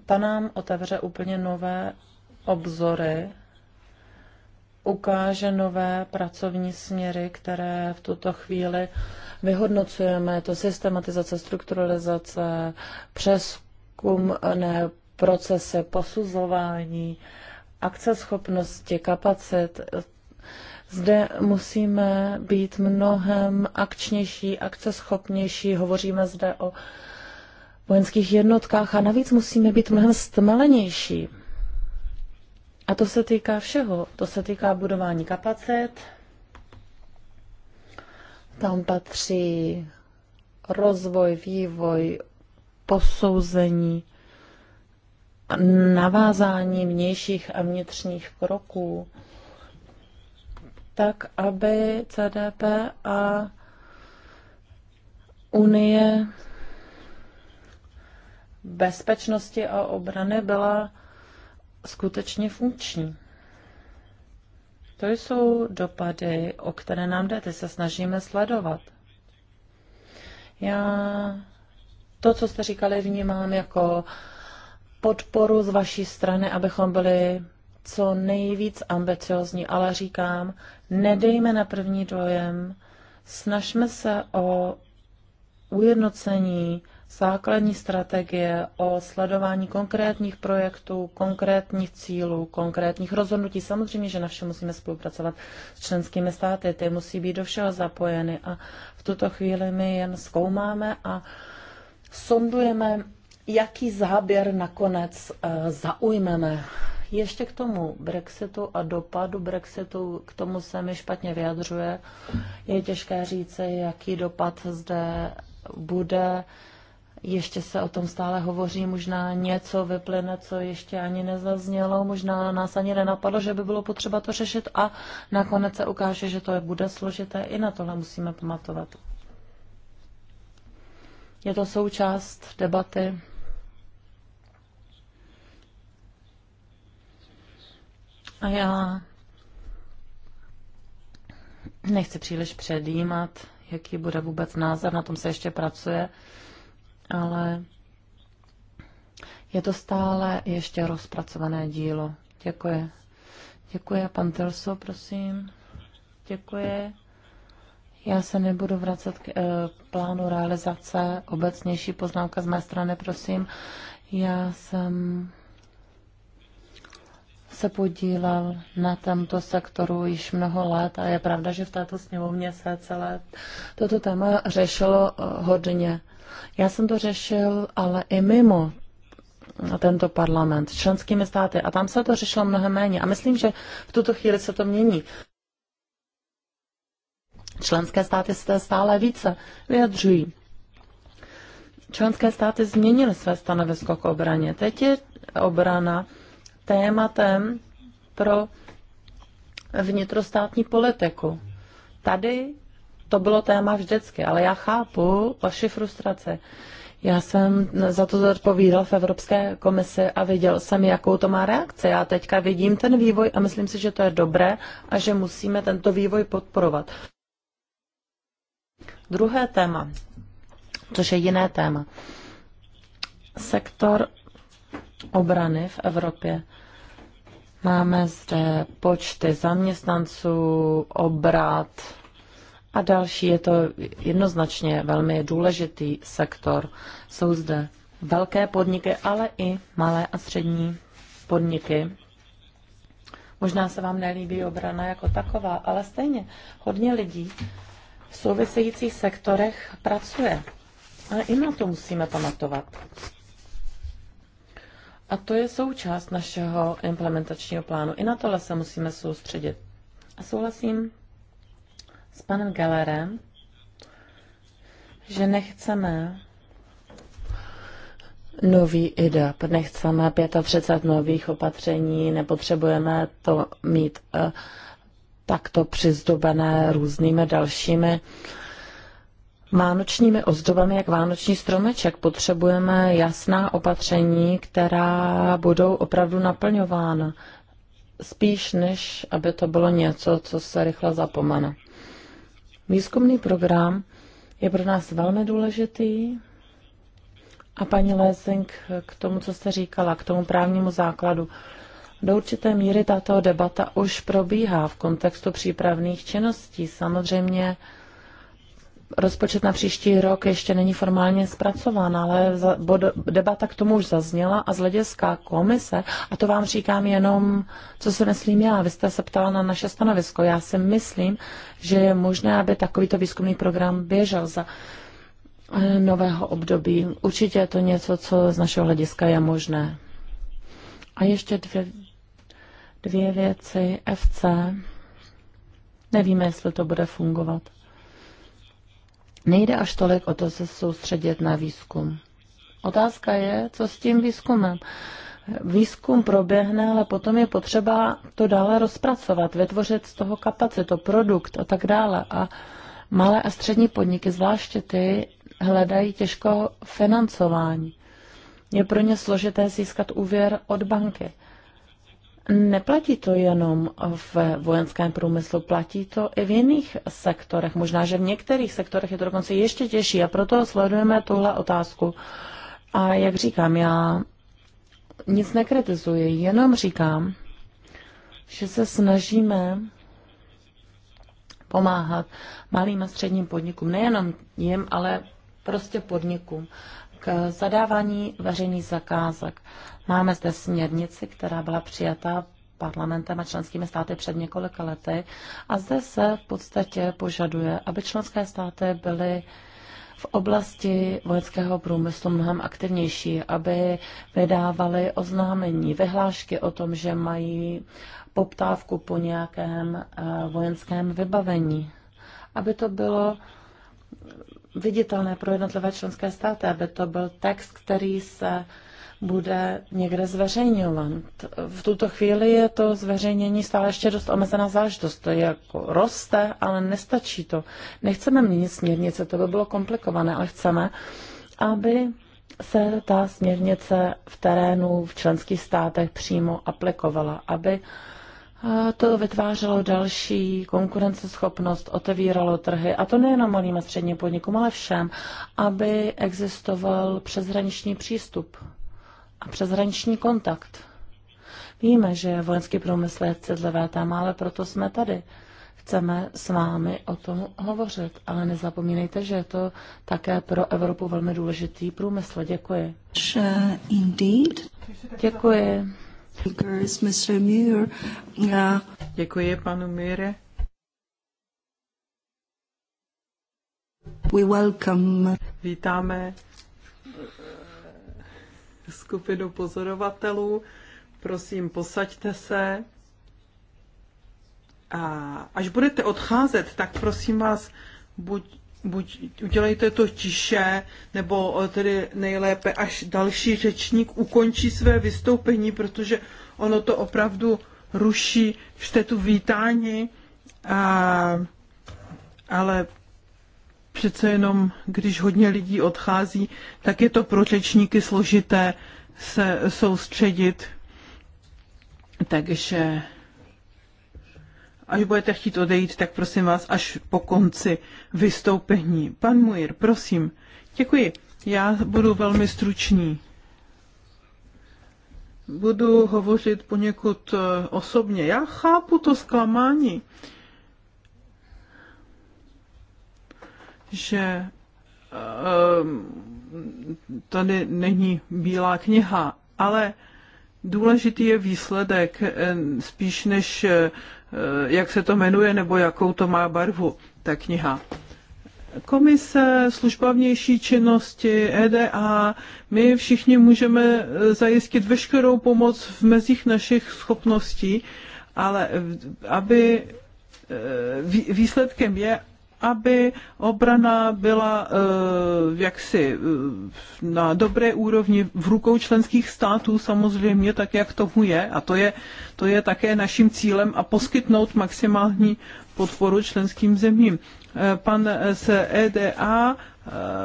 Ta nám otevře úplně nové obzory, ukáže nové pracovní směry, které v tuto chvíli vyhodnocujeme. To systematizace, strukturalizace, přeskumné procesy, posuzování, akceschopnosti, kapacit. Zde musíme být mnohem akčnější, akceschopnější. Hovoříme zde o vojenských jednotkách a navíc musíme být mnohem stmelenější. A to se týká všeho. To se týká budování kapacit. Tam patří rozvoj, vývoj, posouzení, navázání vnějších a vnitřních kroků tak aby CDP a Unie bezpečnosti a obrany byla skutečně funkční. To jsou dopady, o které nám jde, ty se snažíme sledovat. Já to, co jste říkali, vnímám jako podporu z vaší strany, abychom byli co nejvíc ambiciozní, ale říkám, nedejme na první dojem, snažme se o ujednocení základní strategie, o sledování konkrétních projektů, konkrétních cílů, konkrétních rozhodnutí. Samozřejmě, že na vše musíme spolupracovat s členskými státy, ty musí být do všeho zapojeny a v tuto chvíli my jen zkoumáme a sondujeme, jaký záběr nakonec eh, zaujmeme ještě k tomu Brexitu a dopadu Brexitu, k tomu se mi špatně vyjadřuje. Je těžké říct, jaký dopad zde bude. Ještě se o tom stále hovoří, možná něco vyplyne, co ještě ani nezaznělo, možná nás ani nenapadlo, že by bylo potřeba to řešit a nakonec se ukáže, že to je bude složité. I na tohle musíme pamatovat. Je to součást debaty A já nechci příliš předjímat, jaký bude vůbec název, na tom se ještě pracuje, ale je to stále ještě rozpracované dílo. Děkuji. Děkuji, pan Telso, prosím. Děkuji. Já se nebudu vracet k e, plánu realizace. Obecnější poznámka z mé strany, prosím. Já jsem se podílel na tomto sektoru již mnoho let a je pravda, že v této sněmovně se celé toto téma řešilo eh, hodně. Já jsem to řešil, ale i mimo tento parlament, členskými státy. A tam se to řešilo mnohem méně. A myslím, že v tuto chvíli se to mění. Členské státy se stále více vyjadřují. Členské státy změnily své stanovisko k obraně. Teď je obrana tématem pro vnitrostátní politiku. Tady to bylo téma vždycky, ale já chápu vaši frustrace. Já jsem za to zodpovídal v Evropské komisi a viděl jsem, jakou to má reakce. Já teďka vidím ten vývoj a myslím si, že to je dobré a že musíme tento vývoj podporovat. Druhé téma, což je jiné téma. Sektor obrany v Evropě. Máme zde počty zaměstnanců, obrat a další. Je to jednoznačně velmi důležitý sektor. Jsou zde velké podniky, ale i malé a střední podniky. Možná se vám nelíbí obrana jako taková, ale stejně hodně lidí v souvisejících sektorech pracuje. Ale i na to musíme pamatovat. A to je součást našeho implementačního plánu. I na tohle se musíme soustředit. A souhlasím s panem Gellerem, že nechceme nový IDAP, nechceme 35 nových opatření, nepotřebujeme to mít eh, takto přizdobené různými dalšími uh, vánočními ozdobami, jak vánoční stromeček. Potřebujeme jasná opatření, která budou opravdu naplňována. Spíš než, aby to bylo něco, co se rychle zapomene. Výzkumný program je pro nás velmi důležitý. A paní Lézing, k tomu, co jste říkala, k tomu právnímu základu. Do určité míry tato debata už probíhá v kontextu přípravných činností. Samozřejmě rozpočet na příští rok ještě není formálně zpracován, ale debata k tomu už zazněla a z hlediska komise, a to vám říkám jenom, co si myslím já, vy jste se ptala na naše stanovisko, já si myslím, že je možné, aby takovýto výzkumný program běžel za eh, nového období. Určitě je to něco, co z našeho hlediska je možné. A ještě dvě, dvě věci. FC. Nevíme, jestli to bude fungovat. Nejde až tolik o to se soustředit na výzkum. Otázka je, co s tím výzkumem. Výzkum proběhne, ale potom je potřeba to dále rozpracovat, vytvořit z toho kapacitu, produkt a tak dále. A malé a střední podniky, zvláště ty, hledají těžko financování. Je pro ně složité získat úvěr od banky. Neplatí to jenom v vojenském průmyslu, platí to i v jiných sektorech. Možná, že v některých sektorech je to dokonce ještě těžší a proto sledujeme tuhle otázku. A jak říkám, já nic nekritizuji, jenom říkám, že se snažíme pomáhat malým a středním podnikům, nejenom jim, ale prostě podnikům k zadávání veřejných zakázek. Máme zde směrnici, která byla přijata parlamentem a členskými státy před několika lety a zde se v podstatě požaduje, aby členské státy byly v oblasti vojenského průmyslu mnohem aktivnější, aby vydávali oznámení, vyhlášky o tom, že mají poptávku po nějakém eh, vojenském vybavení. Aby to bylo viditelné pro jednotlivé členské státy, aby to byl text, který se bude někde zveřejňovan. V tuto chvíli je to zveřejnění stále ještě dost omezená záležitost. To je jako roste, ale nestačí to. Nechceme měnit směrnice, to by bylo komplikované, ale chceme, aby se ta směrnice v terénu v členských státech přímo aplikovala, aby uh, to vytvářelo další konkurenceschopnost, otevíralo trhy, a to nejenom malým a středním podnikům, ale všem, aby existoval přeshraniční přístup a přeshraniční kontakt. Víme, že vojenský průmysl je citlivé téma, ale proto jsme tady. Chceme s vámi o tom hovořit, ale nezapomínejte, že je to také pro Evropu velmi důležitý průmysl. Děkuji. Indeed. Děkuji. Děkuji panu Míre. We welcome. Vítáme eh, skupinu pozorovatelů. Prosím, posaďte se. A až budete odcházet, tak prosím vás, buď buď udělejte to tiše, nebo eh, tedy nejlépe, až další řečník ukončí své vystoupení, protože ono to opravdu ruší, vše tu vítání, a, ale přece jenom, když hodně lidí odchází, tak je to pro řečníky složité se soustředit. Takže až budete chtít odejít, tak prosím vás až po konci vystoupení. Pan Muir, prosím. Děkuji. Já budu velmi stručný. Budu hovořit poněkud eh, osobně. Já chápu to zklamání, že eh, tady není bílá kniha, ale důležitý je výsledek eh, spíš než Eh, jak se to jmenuje nebo jakou to má barvu, ta kniha. Komise, služba vnější činnosti, EDA, my všichni můžeme eh, zajistit veškerou pomoc v mezích našich schopností, ale aby eh, výsledkem je, aby obrana byla eh, jaksi eh, na dobré úrovni v rukou členských států samozřejmě, tak jak tomu je. A to je, to je také naším cílem a poskytnout maximální podporu členským zemím. Eh, pan z EDA,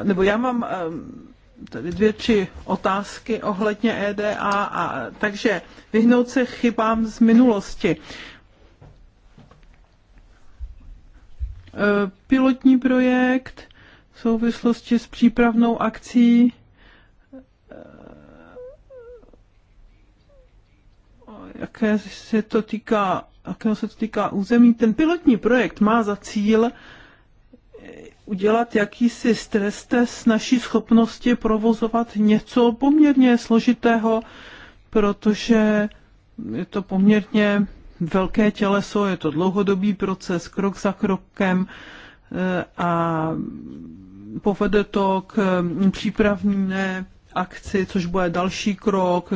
nebo já mám tady dvě, tři otázky ohledně EDA. A, takže vyhnout se chybám z minulosti. Eh, pilotní projekt v souvislosti s přípravnou akcí eh, jaké se to týká, jakého se to týká území. Ten pilotní projekt má za cíl eh, udělat jakýsi stres test naší schopnosti provozovat něco poměrně složitého, protože je to poměrně velké těleso, je to dlouhodobý proces, krok za krokem eh, a povede to k mm, přípravné eh, akci, což bude další krok,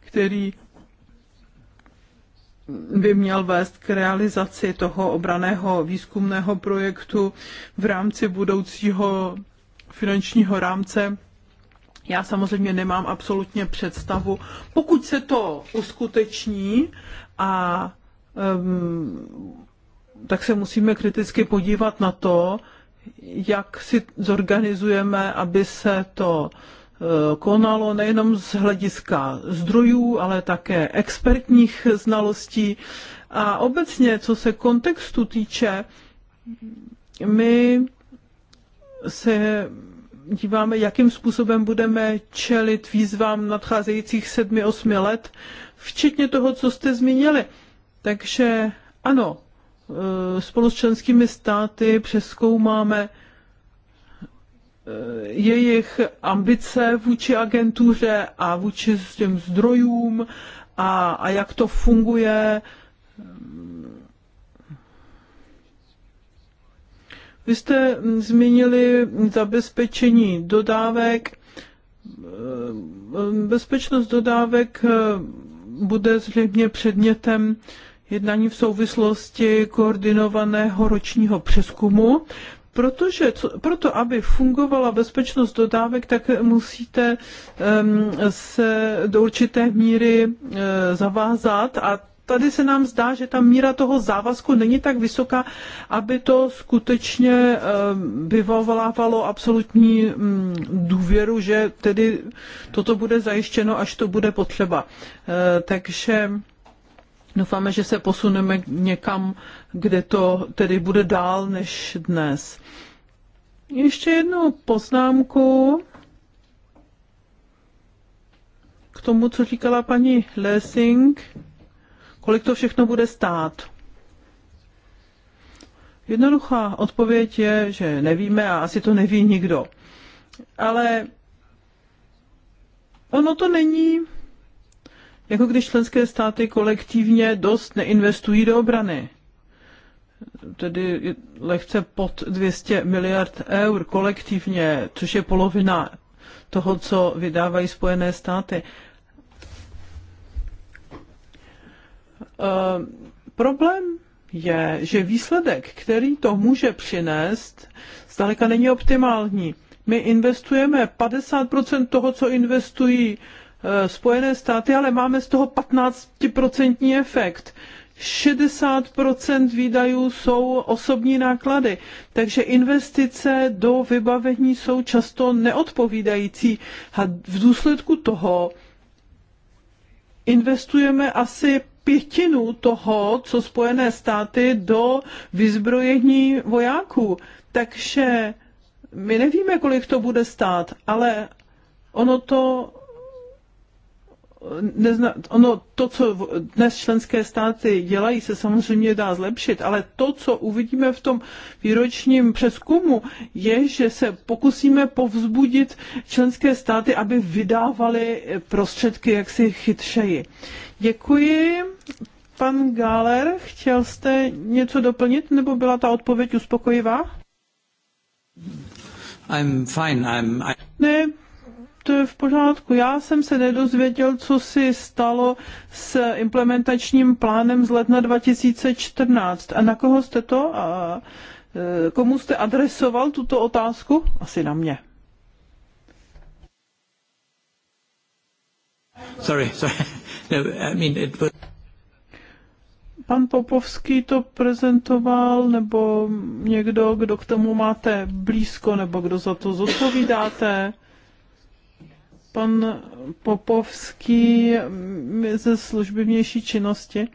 který by měl vést k realizaci toho obraného výzkumného projektu v rámci budoucího finančního rámce. Já samozřejmě nemám absolutně představu. Pokud se to uskuteční, a um, tak se musíme kriticky podívat na to, jak si zorganizujeme, aby se to eh, konalo nejenom z hlediska zdrojů, ale také expertních znalostí. A obecně, co se kontextu týče, my se díváme, jakým způsobem budeme čelit výzvám nadcházejících sedmi osmi let včetně toho, co jste zmínili. Takže ano, eh, spolu s členskými státy přeskoumáme eh, jejich ambice vůči agentuře a vůči těm zdrojům a, a jak to funguje. Vy jste hm, zmínili zabezpečení dodávek. Eh, hm, bezpečnost dodávek bude zřejmě předmětem jednání v souvislosti koordinovaného ročního přeskumu, protože proto, aby fungovala bezpečnost dodávek, tak musíte um, se do určité míry uh, zavázat a tady se nám zdá, že ta míra toho závazku není tak vysoká, aby to skutečně eh, vyvolávalo absolutní mm, důvěru, že tedy toto bude zajištěno, až to bude potřeba. Eh, takže doufáme, že se posuneme někam, kde to tedy bude dál než dnes. Ještě jednu poznámku k tomu, co říkala paní Lessing kolik to všechno bude stát. Jednoduchá odpověď je, že nevíme a asi to neví nikdo. Ale ono to není, jako když členské státy kolektivně dost neinvestují do obrany. Tedy lehce pod 200 miliard eur kolektivně, což je polovina toho, co vydávají Spojené státy. Eh, problém je, že výsledek, který to může přinést, zdaleka není optimální. My investujeme 50% toho, co investují eh, Spojené státy, ale máme z toho 15% efekt. 60% výdajů jsou osobní náklady, takže investice do vybavení jsou často neodpovídající a v důsledku toho investujeme asi pětinu toho, co Spojené státy do vyzbrojení vojáků. Takže my nevíme, kolik to bude stát, ale ono to nezna, ono, to, co dnes členské státy dělají, se samozřejmě dá zlepšit, ale to, co uvidíme v tom výročním přeskumu, je, že se pokusíme povzbudit členské státy, aby vydávali prostředky jaksi chytřeji. Děkuji. Pan Gáler, chtěl jste něco doplnit, nebo byla ta odpověď uspokojivá? I'm fine, I'm, I... Ne, to je v pořádku. Já jsem se nedozvěděl, co si stalo s implementačním plánem z ledna 2014. A na koho jste to? A e, komu jste adresoval tuto otázku? Asi na mě. Sorry, sorry. No, I mean it was... Pan Popovský to prezentoval, nebo někdo, kdo k tomu máte blízko, nebo kdo za to zodpovídáte? pan Popovský mm, ze služby vnější činnosti.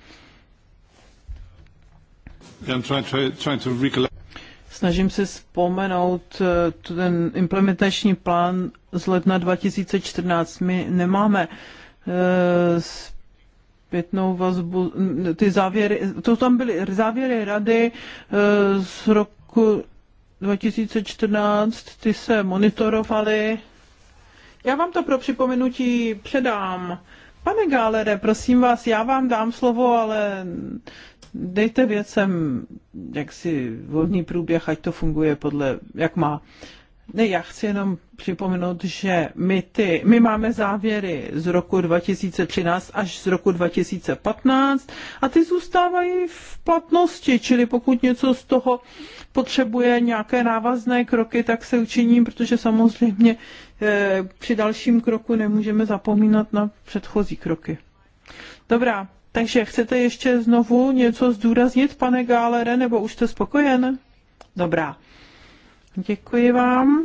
Snažím se vzpomenout eh, ten implementační plán z ledna 2014. My nemáme eh, zpětnou vazbu, ty závěry, to tam byly závěry rady eh, z roku 2014, ty se monitorovaly já vám to pro připomenutí předám. Pane Gálere, prosím vás, já vám dám slovo, ale dejte věcem jaksi volný průběh, ať to funguje podle, jak má. Ne, já chci jenom připomenout, že my, ty, my máme závěry z roku 2013 až z roku 2015 a ty zůstávají v platnosti, čili pokud něco z toho potřebuje nějaké návazné kroky, tak se učiním, protože samozřejmě Eh, při dalším kroku nemůžeme zapomínat na předchozí kroky. Dobrá, takže chcete ještě znovu něco zdůraznit, pane Gálere, nebo už jste spokojen? Dobrá. Děkuji vám.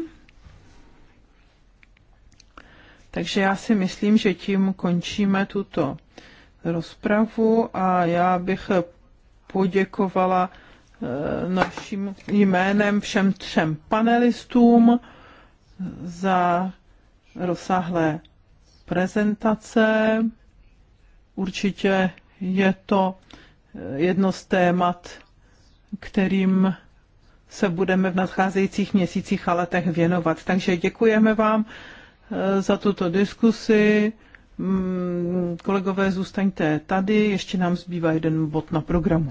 Takže já si myslím, že tím končíme tuto rozpravu a já bych poděkovala eh, naším jménem všem třem panelistům za rozsáhlé prezentace. Určitě je to eh, jedno z témat, kterým se budeme v nadcházejících měsících a letech věnovat. Takže děkujeme vám eh, za tuto diskusi. Mm, kolegové, zůstaňte tady, ještě nám zbývá jeden bod na programu.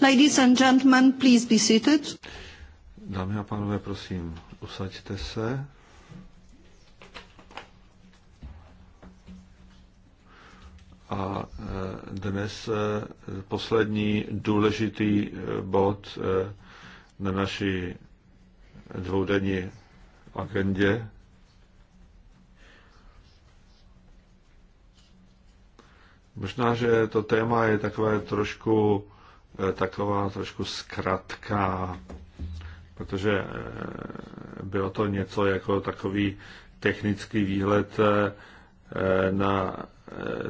Ladies and gentlemen, please be seated. Dámy a pánové, prosím, usaďte se. A eh, dnes eh, poslední důležitý eh, bod na naší dvoudenní agendě Možná, že to téma je takové trošku eh, taková trošku zkratka, protože eh, bylo to něco jako takový technický výhled eh, na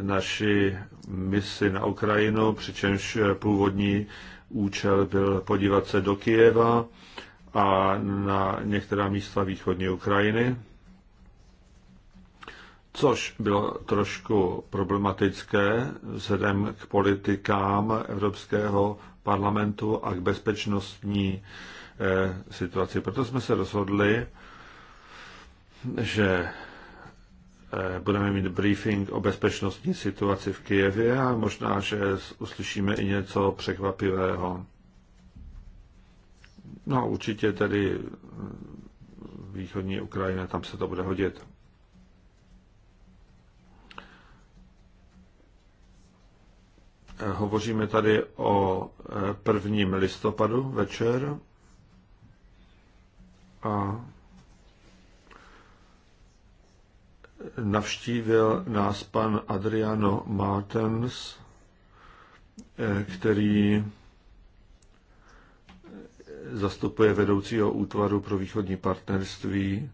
naši misi na Ukrajinu, přičemž původní účel byl podívat se do Kijeva a na některá místa východní Ukrajiny což bylo trošku problematické vzhledem k politikám Evropského parlamentu a k bezpečnostní eh, situaci. Proto jsme se rozhodli, že eh, budeme mít briefing o bezpečnostní situaci v Kijevě a možná, že uslyšíme i něco překvapivého. No určitě tedy mm, východní Ukrajina, tam se to bude hodit. Hovoříme tady o eh, prvním listopadu večer a navštívil nás pan Adriano Martens, eh, který eh, zastupuje vedoucího útvaru pro východní partnerství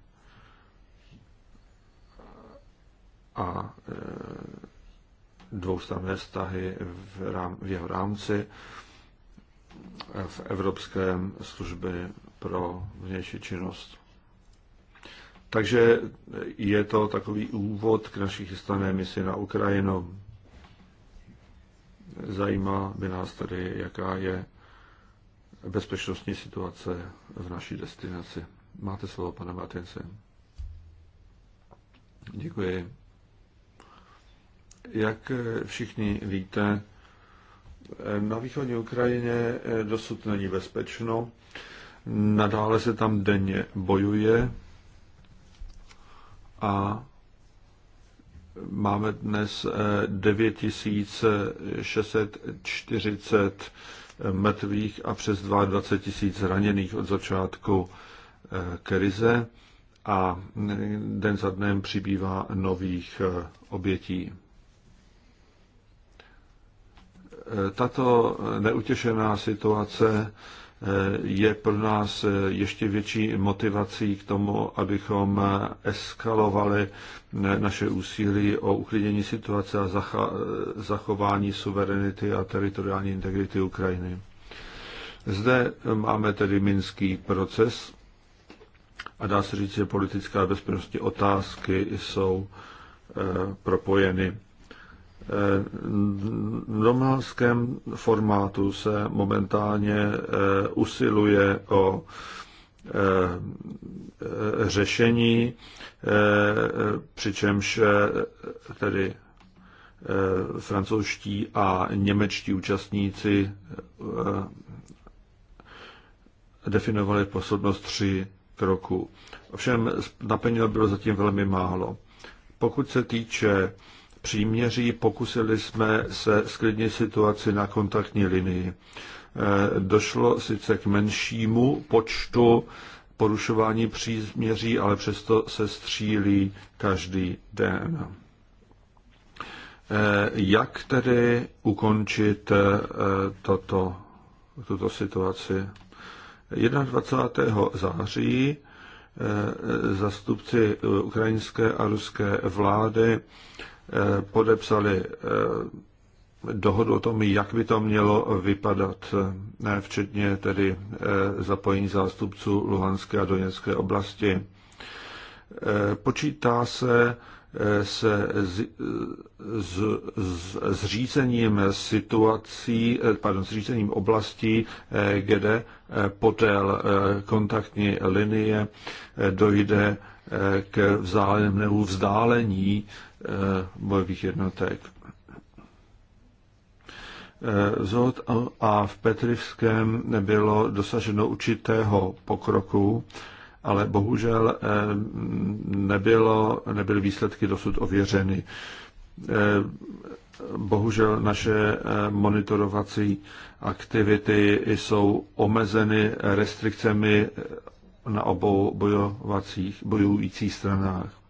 a dvoustranné vztahy v, rám, v jeho rámci v Evropské služby pro vnější činnost. Takže je to takový úvod k naší chystané misi na Ukrajinu. Zajímá by nás tedy, jaká je bezpečnostní situace v naší destinaci. Máte slovo, pane Martince. Děkuji. Jak všichni víte, na východní Ukrajině dosud není bezpečno. Nadále se tam denně bojuje a máme dnes 9640 eh, mrtvých a přes 22 tisíc zraněných od začátku eh, krize a eh, den za dnem přibývá nových obětí. Tato neutěšená situace eh, je pro nás eh, ještě větší motivací k tomu, abychom eh, eskalovali naše úsilí o uklidnění situace a zachování suverenity a teritoriální integrity Ukrajiny. Zde máme tedy minský proces a dá se říct, že politická bezpečnostní otázky jsou propojeny normálském eh, formátu se momentálně eh, usiluje o eh, řešení, přičemž tedy francouzští a němečtí účastníci definovali posudnost tři kroku. Ovšem naplněno bylo zatím velmi málo. Pokud se týče příměří pokusili jsme se sklidnit situaci na kontaktní linii. E, došlo sice k menšímu počtu porušování příměří, ale přesto se střílí každý den. E, jak tedy ukončit e, toto, tuto situaci? 21. září zastupci ukrajinské a ruské vlády Eh, podepsali eh, dohodu o tom, jak by to mělo vypadat, eh, včetně tedy zapojení zástupců Luhanské a Doněcké oblasti. Počítá se se z, z, z, zřízením situací, pardon, zřízením oblastí, kde podél kontaktní linie dojde k vzdálení Eh, bojových jednotek. Eh, Zod a v Petrivském nebylo dosaženo určitého pokroku, ale bohužel eh, nebylo, nebyly výsledky dosud ověřeny. Bohužel naše monitorovací aktivity jsou omezeny restrikcemi na obou bojovacích, bojujících stranách.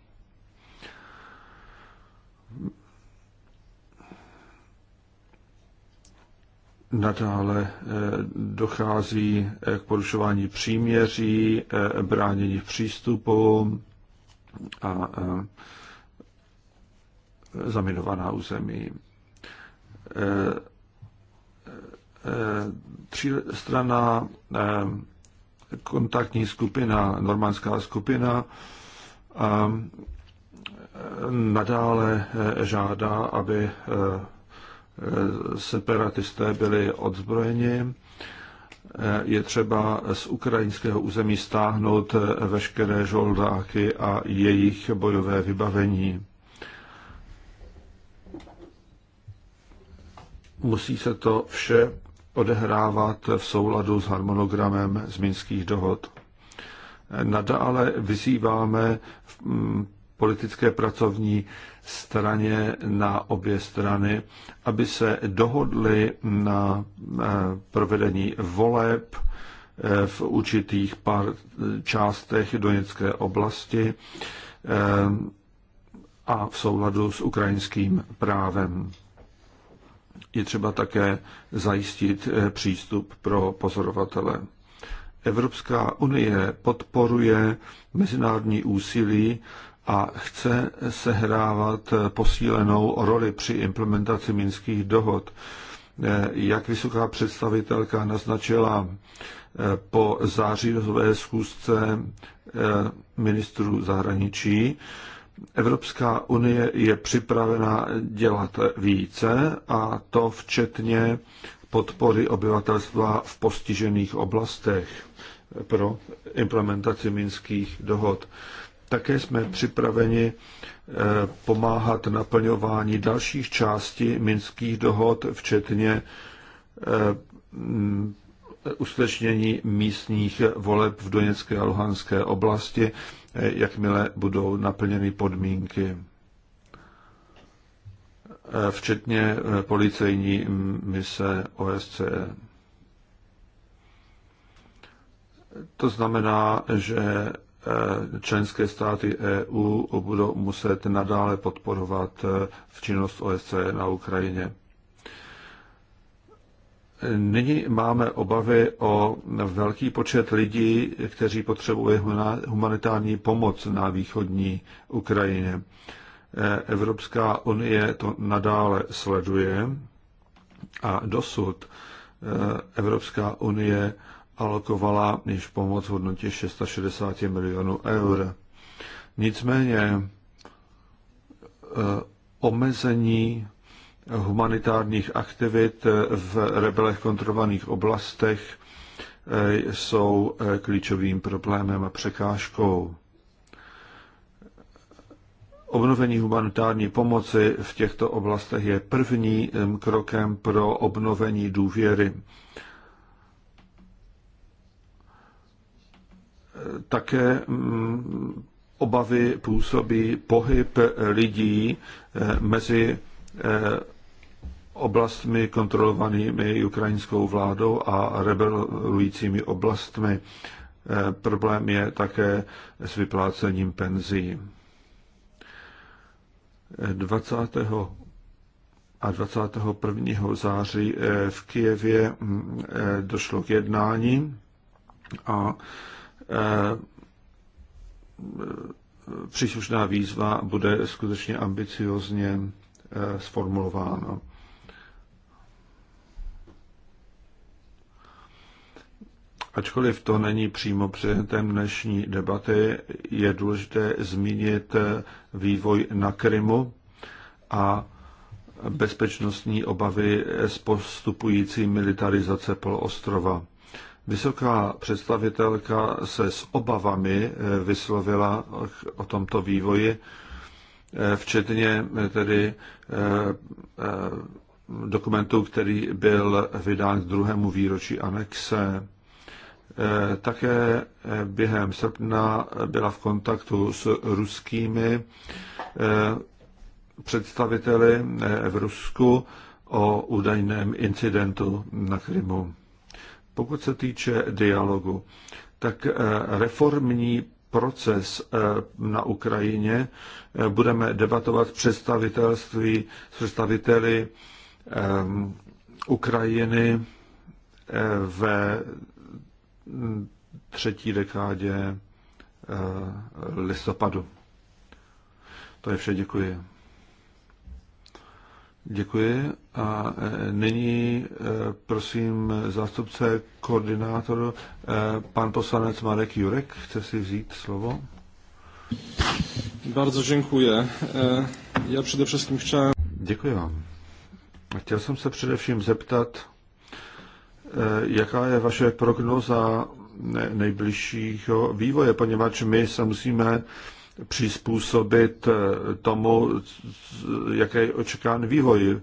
Nadále eh, dochází eh, k porušování příměří, eh, bránění v přístupu a zaminovaná území. strana kontaktní skupina, normandská skupina, nadále eh, žádá, aby eh, separatisté byli odzbrojeni. Eh, je třeba z ukrajinského území stáhnout veškeré žoldáky a jejich bojové vybavení. Musí se to vše odehrávat v souladu s harmonogramem z minských dohod. Nadále vyzýváme mm, politické pracovní straně na obě strany, aby se dohodli na eh, provedení voleb eh, v určitých pár částech Doněcké oblasti eh, a v souladu s ukrajinským právem. Je třeba také zajistit přístup pro pozorovatele. Evropská unie podporuje mezinárodní úsilí a chce sehrávat posílenou roli při implementaci minských dohod. Eh, jak vysoká představitelka naznačila eh, po zářijové schůzce eh, ministrů zahraničí, Evropská unie je připravena dělat více a to včetně podpory obyvatelstva v postižených oblastech pro implementaci minských dohod. Také jsme připraveni eh, pomáhat naplňování dalších částí minských dohod, včetně eh, mm, uskutečnění místních voleb v Doněcké a Luhanské oblasti, eh, jakmile budou naplněny podmínky včetně policejní mise OSCE. To znamená, že členské státy EU budou muset nadále podporovat e, v činnost OSCE na Ukrajině. Nyní máme obavy o velký počet lidí, kteří potřebují humanitární pomoc na východní Ukrajině. E, Evropská unie to nadále sleduje a dosud e, Evropská unie alokovala již pomoc v hodnotě 660 milionů eur. Nicméně e, omezení humanitárních aktivit v rebelech kontrolovaných oblastech e, jsou e, klíčovým problémem a překážkou. Obnovení humanitární pomoci v těchto oblastech je prvním krokem pro obnovení důvěry také mm, obavy působí pohyb lidí eh, mezi eh, oblastmi kontrolovanými ukrajinskou vládou a rebelujícími oblastmi. Eh, problém je také s vyplácením penzí. 20. a 21. září v Kijevě mm, došlo k jednání a Eh, příslušná výzva bude skutečně ambiciozně eh, sformulována. Ačkoliv to není přímo předmětem dnešní debaty, je důležité zmínit eh, vývoj na Krymu a bezpečnostní obavy z postupující militarizace poloostrova. Vysoká představitelka se s obavami eh, vyslovila o tomto vývoji, eh, včetně eh, tedy dokumentu, který byl vydán k druhému výročí anexe. Také během srpna byla v kontaktu s ruskými představiteli v Rusku o údajném incidentu na Krymu. Pokud se týče dialogu, tak eh, reformní proces eh, na Ukrajině eh, budeme debatovat představitelství, představiteli Ukrajiny ve třetí dekádě listopadu. To je vše, děkuji. Děkuji. A e, nyní e, prosím zástupce koordinátoru, e, pan poslanec Marek Jurek, chce si vzít slovo? Bardzo dziękuję. Ja przede wszystkim chciałem... Děkuji vám. Chtěl jsem se wszystkim zeptat, jaka jest wasza prognoza najbliższego vývoje, ponieważ my się musimy přizpůsobit eh, tomu, eh, jaké je očekán vývoj.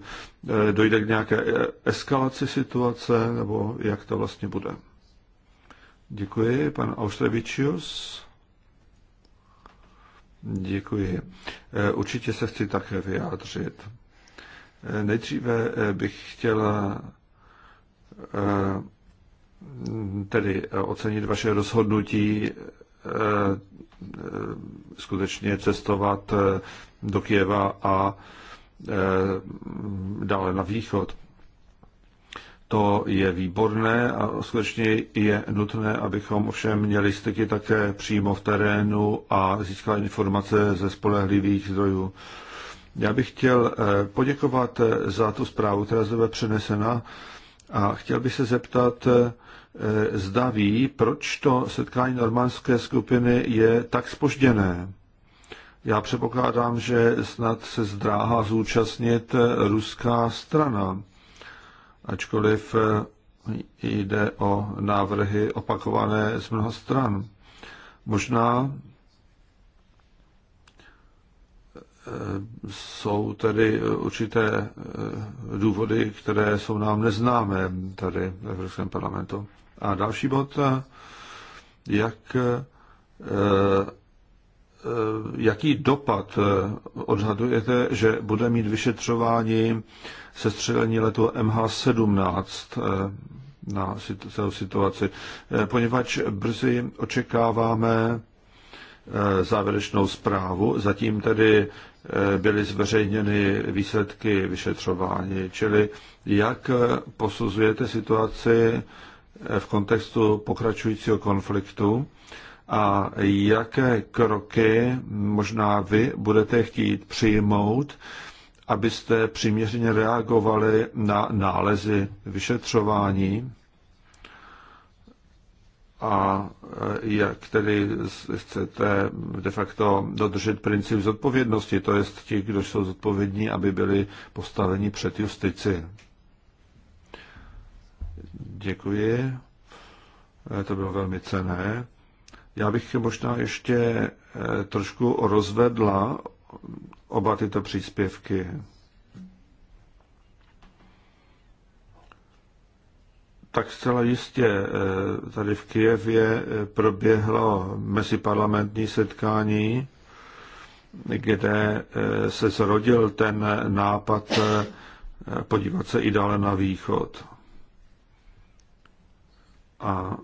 Eh, dojde k nějaké eskalaci situace, nebo jak to vlastně bude? Děkuji, pan Austrevičius. Děkuji. Určitě se chci také vyjádřit. Nejdříve bych chtěla tedy ocenit vaše rozhodnutí Eh, skutečně cestovat eh, do Kieva a eh, dále na východ. To je výborné a skutečně je nutné, abychom ovšem měli styky také přímo v terénu a získali informace ze spolehlivých zdrojů. Já bych chtěl poděkovat za tu zprávu, která zde byla přenesena a chtěl bych se zeptat, Eh, zdaví, proč to setkání normandské skupiny je tak spožděné. Já předpokládám, že snad se zdráhá zúčastnit ruská strana, ačkoliv eh, jde o návrhy opakované z mnoha stran. Možná eh, jsou tedy určité důvody, které jsou nám neznámé tady v Evropském parlamentu. A další bod, eh, jak, eh, eh, jaký dopad odhadujete, že bude mít vyšetřování sestřelení letu MH17 na celou situaci, poněvadž brzy očekáváme závěrečnou zprávu. Zatím tedy byly zveřejněny výsledky vyšetřování, čili jak posuzujete situaci v kontextu pokračujícího konfliktu a jaké kroky možná vy budete chtít přijmout, abyste přiměřeně reagovali na nálezy vyšetřování a eh, jak tedy chcete de facto dodržet princip zodpovědnosti, to jest ti, kdo jsou zodpovědní, aby byli postaveni před justici. Děkuji. Eh, to bylo velmi cené. Já bych možná ještě eh, trošku rozvedla oba tyto příspěvky. Tak zcela jistě eh, tady v Kijevě proběhlo meziparlamentní setkání, kde se zrodil ten nápad podívat se i dále na východ. A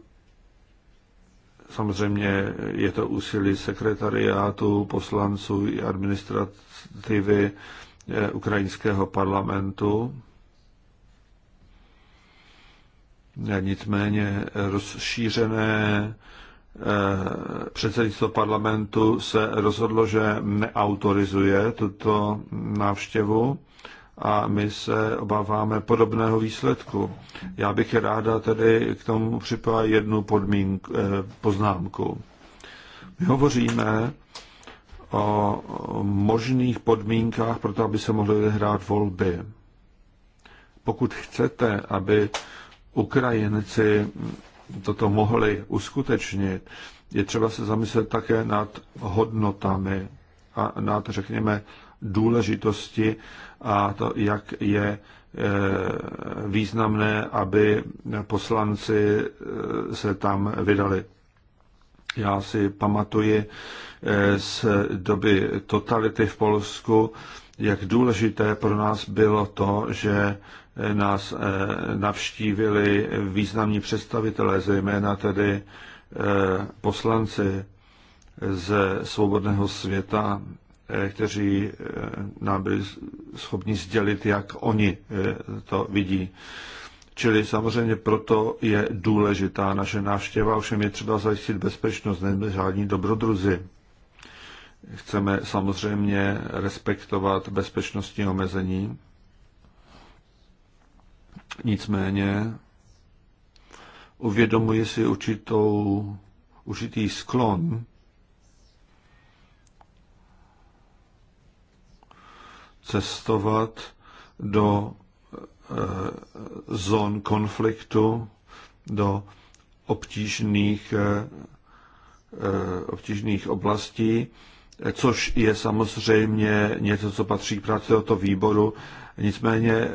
samozřejmě je to úsilí sekretariátu, poslanců i administrativy eh, ukrajinského parlamentu. Nicméně rozšířené eh, předsednictvo parlamentu se rozhodlo, že neautorizuje tuto návštěvu a my se obáváme podobného výsledku. Já bych ráda tedy k tomu připojila jednu podmínku, eh, poznámku. My hovoříme o možných podmínkách pro to, aby se mohly vyhrát volby. Pokud chcete, aby Ukrajinci toto mohli uskutečnit, je třeba se zamyslet také nad hodnotami a nad, řekněme, důležitosti a to, jak je e, významné, aby poslanci e, se tam vydali. Já si pamatuji e, z doby totality v Polsku, jak důležité pro nás bylo to, že nás navštívili významní představitelé, zejména tedy poslanci ze svobodného světa, Eh, kteří eh, nám byli schopni sdělit, jak oni eh, to vidí. Čili samozřejmě proto je důležitá naše návštěva, ovšem je třeba zajistit bezpečnost, nejme žádní dobrodruzi. Chceme samozřejmě respektovat bezpečnostní omezení. Nicméně uvědomuji si určitou, určitý sklon cestovat do eh, zón konfliktu, do obtížných, eh, eh, obtížných oblastí, což je samozřejmě něco, co patří k práci tohoto výboru. Nicméně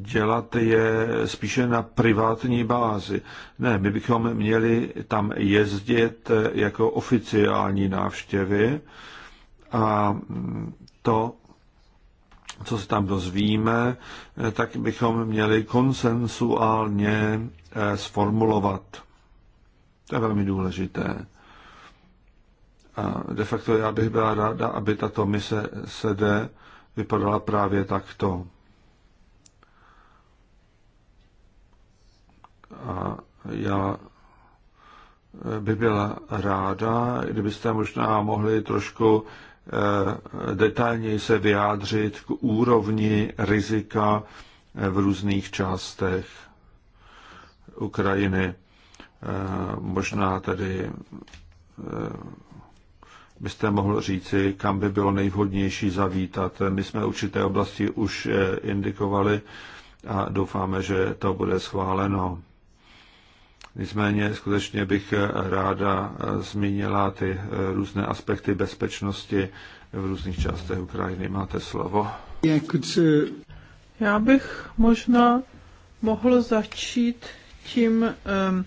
dělat je spíše na privátní bázi. Ne, my bychom měli tam jezdit jako oficiální návštěvy a to, co se tam dozvíme, tak bychom měli konsensuálně eh, sformulovat. To je velmi důležité. A de facto já bych byla ráda, aby tato mise SD vypadala právě takto. A já eh, by byla ráda, kdybyste možná mohli trošku Eh, detailněji se vyjádřit k úrovni rizika v různých částech Ukrajiny. Eh, možná tedy eh, byste mohl říci, kam by bylo nejvhodnější zavítat. My jsme určité oblasti už indikovali a doufáme, že to bude schváleno. Nicméně skutečně bych ráda zmínila ty různé aspekty bezpečnosti v různých částech Ukrajiny. Máte slovo. Já eh, bych možná mohl začít tím um,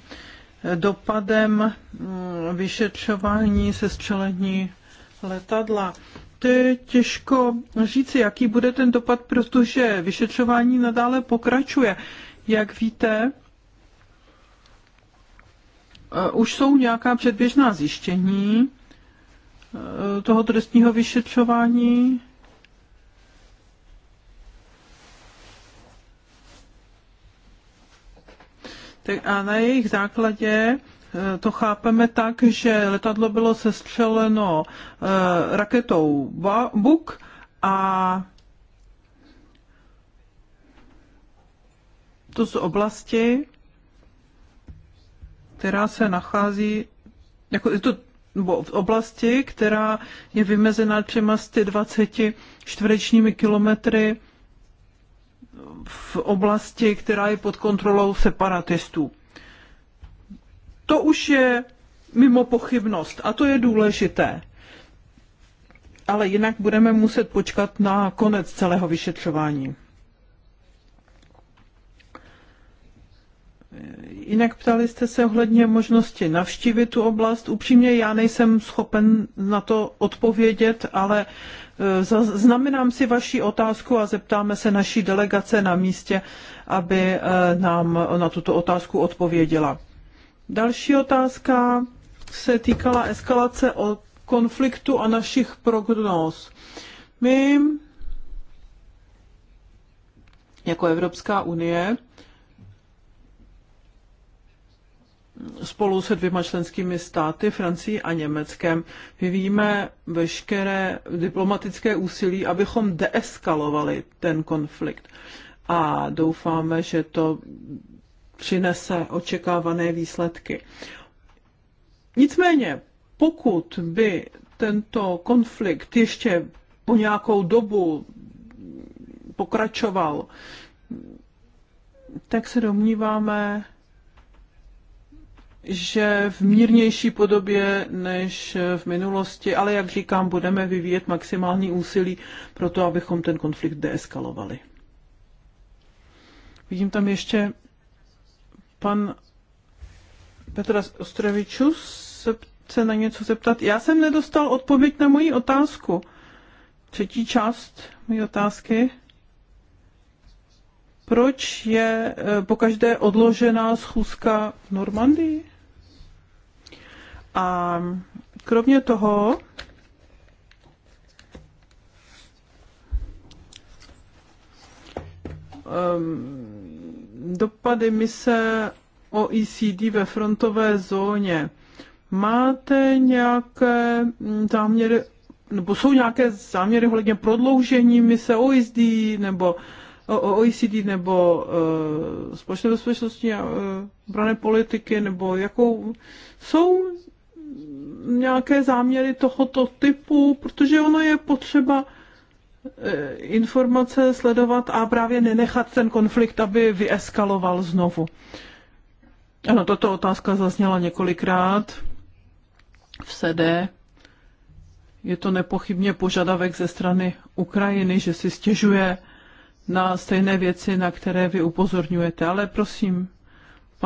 dopadem um, vyšetřování sestřelení letadla. To je těžko říci, jaký bude ten dopad, protože vyšetřování nadále pokračuje. Jak víte, Eh, už jsou nějaká předběžná zjištění eh, toho trestního vyšetřování? Tak a na jejich základě eh, to chápeme tak, že letadlo bylo sestřeleno raketou Buk a to z oblasti, která se nachází, jako je to nebo v oblasti, která je vymezena 20 čtverečními kilometry v oblasti, která je pod kontrolou separatistů. To už je mimo pochybnost a to je důležité. Ale jinak budeme muset počkat na konec celého vyšetřování. Jinak ptali jste se ohledně možnosti navštívit tu oblast. Upřímně já nejsem schopen na to odpovědět, ale e, znamenám si vaši otázku a zeptáme se naší delegace na místě, aby e, nám na tuto otázku odpověděla. Další otázka se týkala eskalace o konfliktu a našich prognóz. My jako Evropská unie spolu se dvěma členskými státy, Francií a Německem, vyvíjíme veškeré diplomatické úsilí, abychom deeskalovali ten konflikt. A doufáme, že to přinese očekávané výsledky. Nicméně, pokud by tento konflikt ještě po nějakou dobu pokračoval, tak se domníváme, že v mírnější podobě než v minulosti, ale jak říkám, budeme vyvíjet maximální úsilí pro to, abychom ten konflikt deeskalovali. Vidím tam ještě pan Petra Ostrovičus se chce na něco zeptat. Já jsem nedostal odpověď na moji otázku. Třetí část mojí otázky proč je eh, pokaždé odložená schůzka v Normandii? A kromě toho, ehm, dopady mise OECD ve frontové zóně. Máte nějaké záměry, nebo jsou nějaké záměry ohledně prodloužení mise OECD nebo OECD nebo uh, společné bezpečnostní a uh, eh, brané politiky, nebo jakou jsou nějaké záměry tohoto typu, protože ono je potřeba eh, informace sledovat a právě nenechat ten konflikt, aby vyeskaloval znovu. Ano, tato otázka zazněla několikrát v sede. Je to nepochybně požadavek ze strany Ukrajiny, že si stěžuje na stejné věci, na které vy upozorňujete. Ale prosím,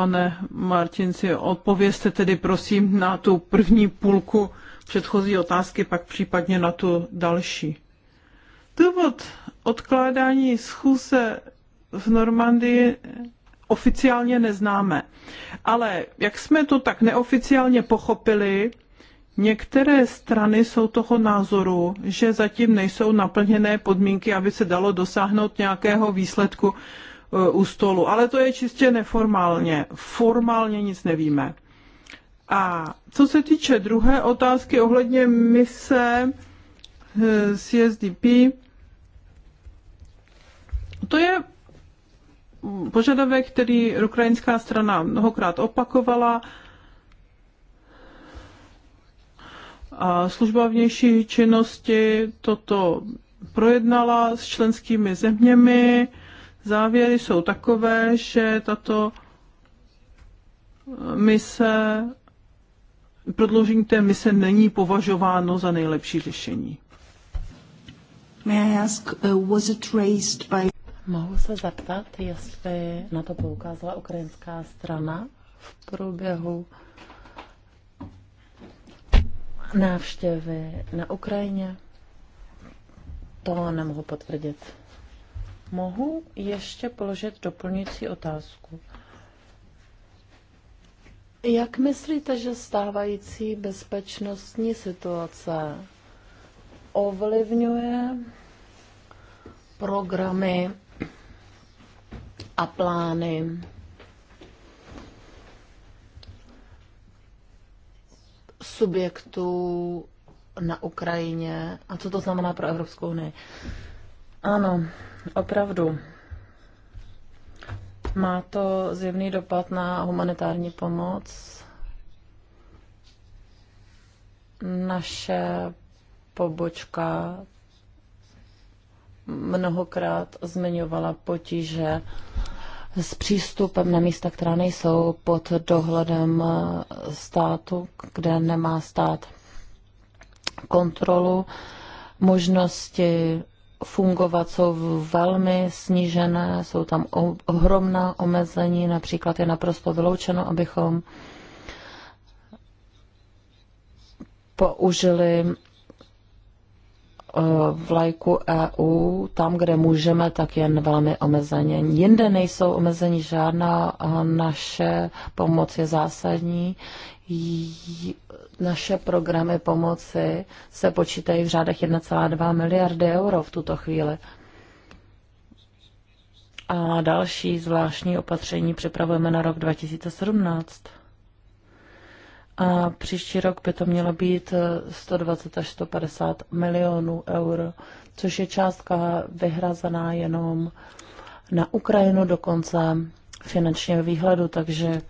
Pane Martinci, odpovězte tedy prosím na tu první půlku předchozí otázky, pak případně na tu další. Důvod odkládání schůze v Normandii oficiálně neznáme. Ale jak jsme to tak neoficiálně pochopili, Některé strany jsou toho názoru, že zatím nejsou naplněné podmínky, aby se dalo dosáhnout nějakého výsledku Eh, u stolu. Ale to je čistě neformálně. Formálně nic nevíme. A co se týče druhé otázky ohledně mise CSDP, eh, to je požadavek, který ukrajinská strana mnohokrát opakovala. A služba vnější činnosti toto projednala s členskými zeměmi Závěry jsou takové, že tato mise, prodloužení té mise není považováno za nejlepší řešení. May I ask, uh, was it by... Mohu se zeptat, jestli na to poukázala ukrajinská strana v průběhu návštěvy na Ukrajině? To nemohu potvrdit. Mohu ještě položit doplňující otázku. Jak myslíte, že stávající bezpečnostní situace ovlivňuje programy a plány subjektů na Ukrajině a co to znamená pro Evropskou unii? Ano, opravdu. Má to zjevný dopad na humanitární pomoc. Naše pobočka mnohokrát zmiňovala potíže s přístupem na místa, která nejsou pod dohledem státu, kde nemá stát kontrolu, možnosti fungovat, jsou velmi snížené, jsou tam ohromná omezení, například je naprosto vyloučeno, abychom použili eh, vlajku EU, tam, kde můžeme, tak jen velmi omezeně. Jinde nejsou omezení žádná, naše pomoc je zásadní naše programy pomoci se počítají v řádech 1,2 miliardy euro v tuto chvíli. A další zvláštní opatření připravujeme na rok 2017. A příští rok by to mělo být 120 až 150 milionů eur, což je částka vyhrazená jenom na Ukrajinu dokonce finančního výhledu, takže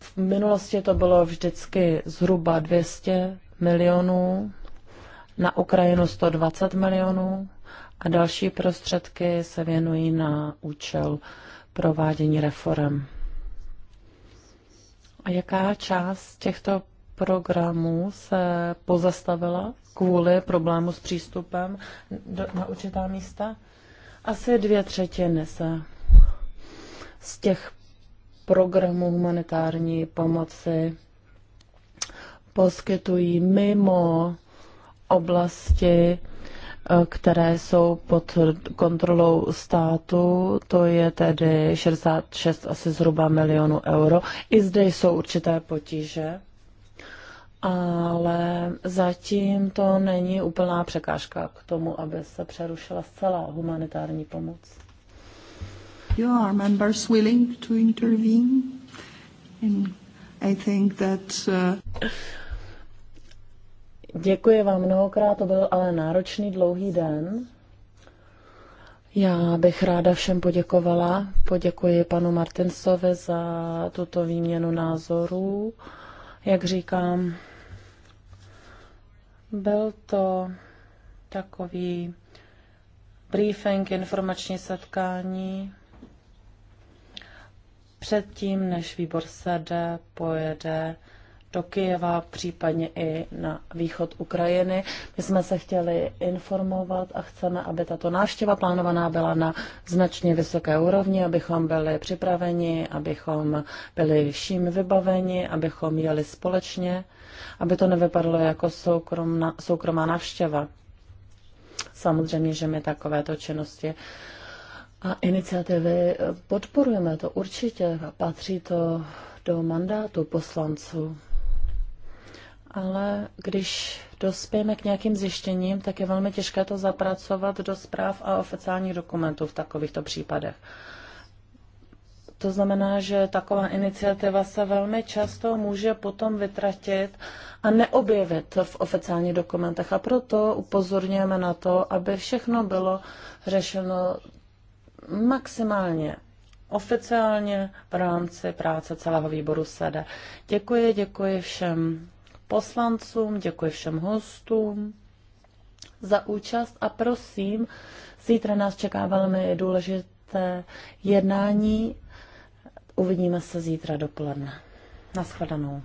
v minulosti to bylo vždycky zhruba 200 milionů, na Ukrajinu 120 milionů a další prostředky se věnují na účel provádění reform. A jaká část těchto programů se pozastavila kvůli problému s přístupem do, na určitá místa? Asi dvě třetiny se z těch programů humanitární pomoci poskytují mimo oblasti, eh, které jsou pod kontrolou státu, to je tedy 66 asi zhruba milionů euro. I zde jsou určité potíže, ale zatím to není úplná překážka k tomu, aby se přerušila zcela humanitární pomoc you. Are members willing to intervene? And I think that, uh... Děkuji vám mnohokrát, to byl ale náročný dlouhý den. Já bych ráda všem poděkovala. Poděkuji panu Martinsovi za tuto výměnu názorů. Jak říkám, byl to takový briefing, informační setkání předtím, než výbor sede, pojede do Kyjeva, případně i na východ Ukrajiny. My jsme se chtěli informovat a chceme, aby tato návštěva plánovaná byla na značně vysoké úrovni, abychom byli připraveni, abychom byli vším vybaveni, abychom jeli společně, aby to nevypadalo jako soukromá návštěva. Samozřejmě, že my takovéto činnosti uh, a iniciativy. Podporujeme to určitě, patří to do mandátu poslanců. Ale když dospějeme k nějakým zjištěním, tak je velmi těžké to zapracovat do zpráv a oficiálních dokumentů v takovýchto případech. To znamená, že taková iniciativa se velmi často může potom vytratit a neobjevit v oficiálních dokumentech. A proto upozorňujeme na to, aby všechno bylo řešeno maximálně oficiálně v rámci práce celého výboru SEDE. Děkuji, děkuji všem poslancům, děkuji všem hostům za účast a prosím, zítra nás čeká velmi důležité jednání. Uvidíme se zítra dopoledne. Naschledanou.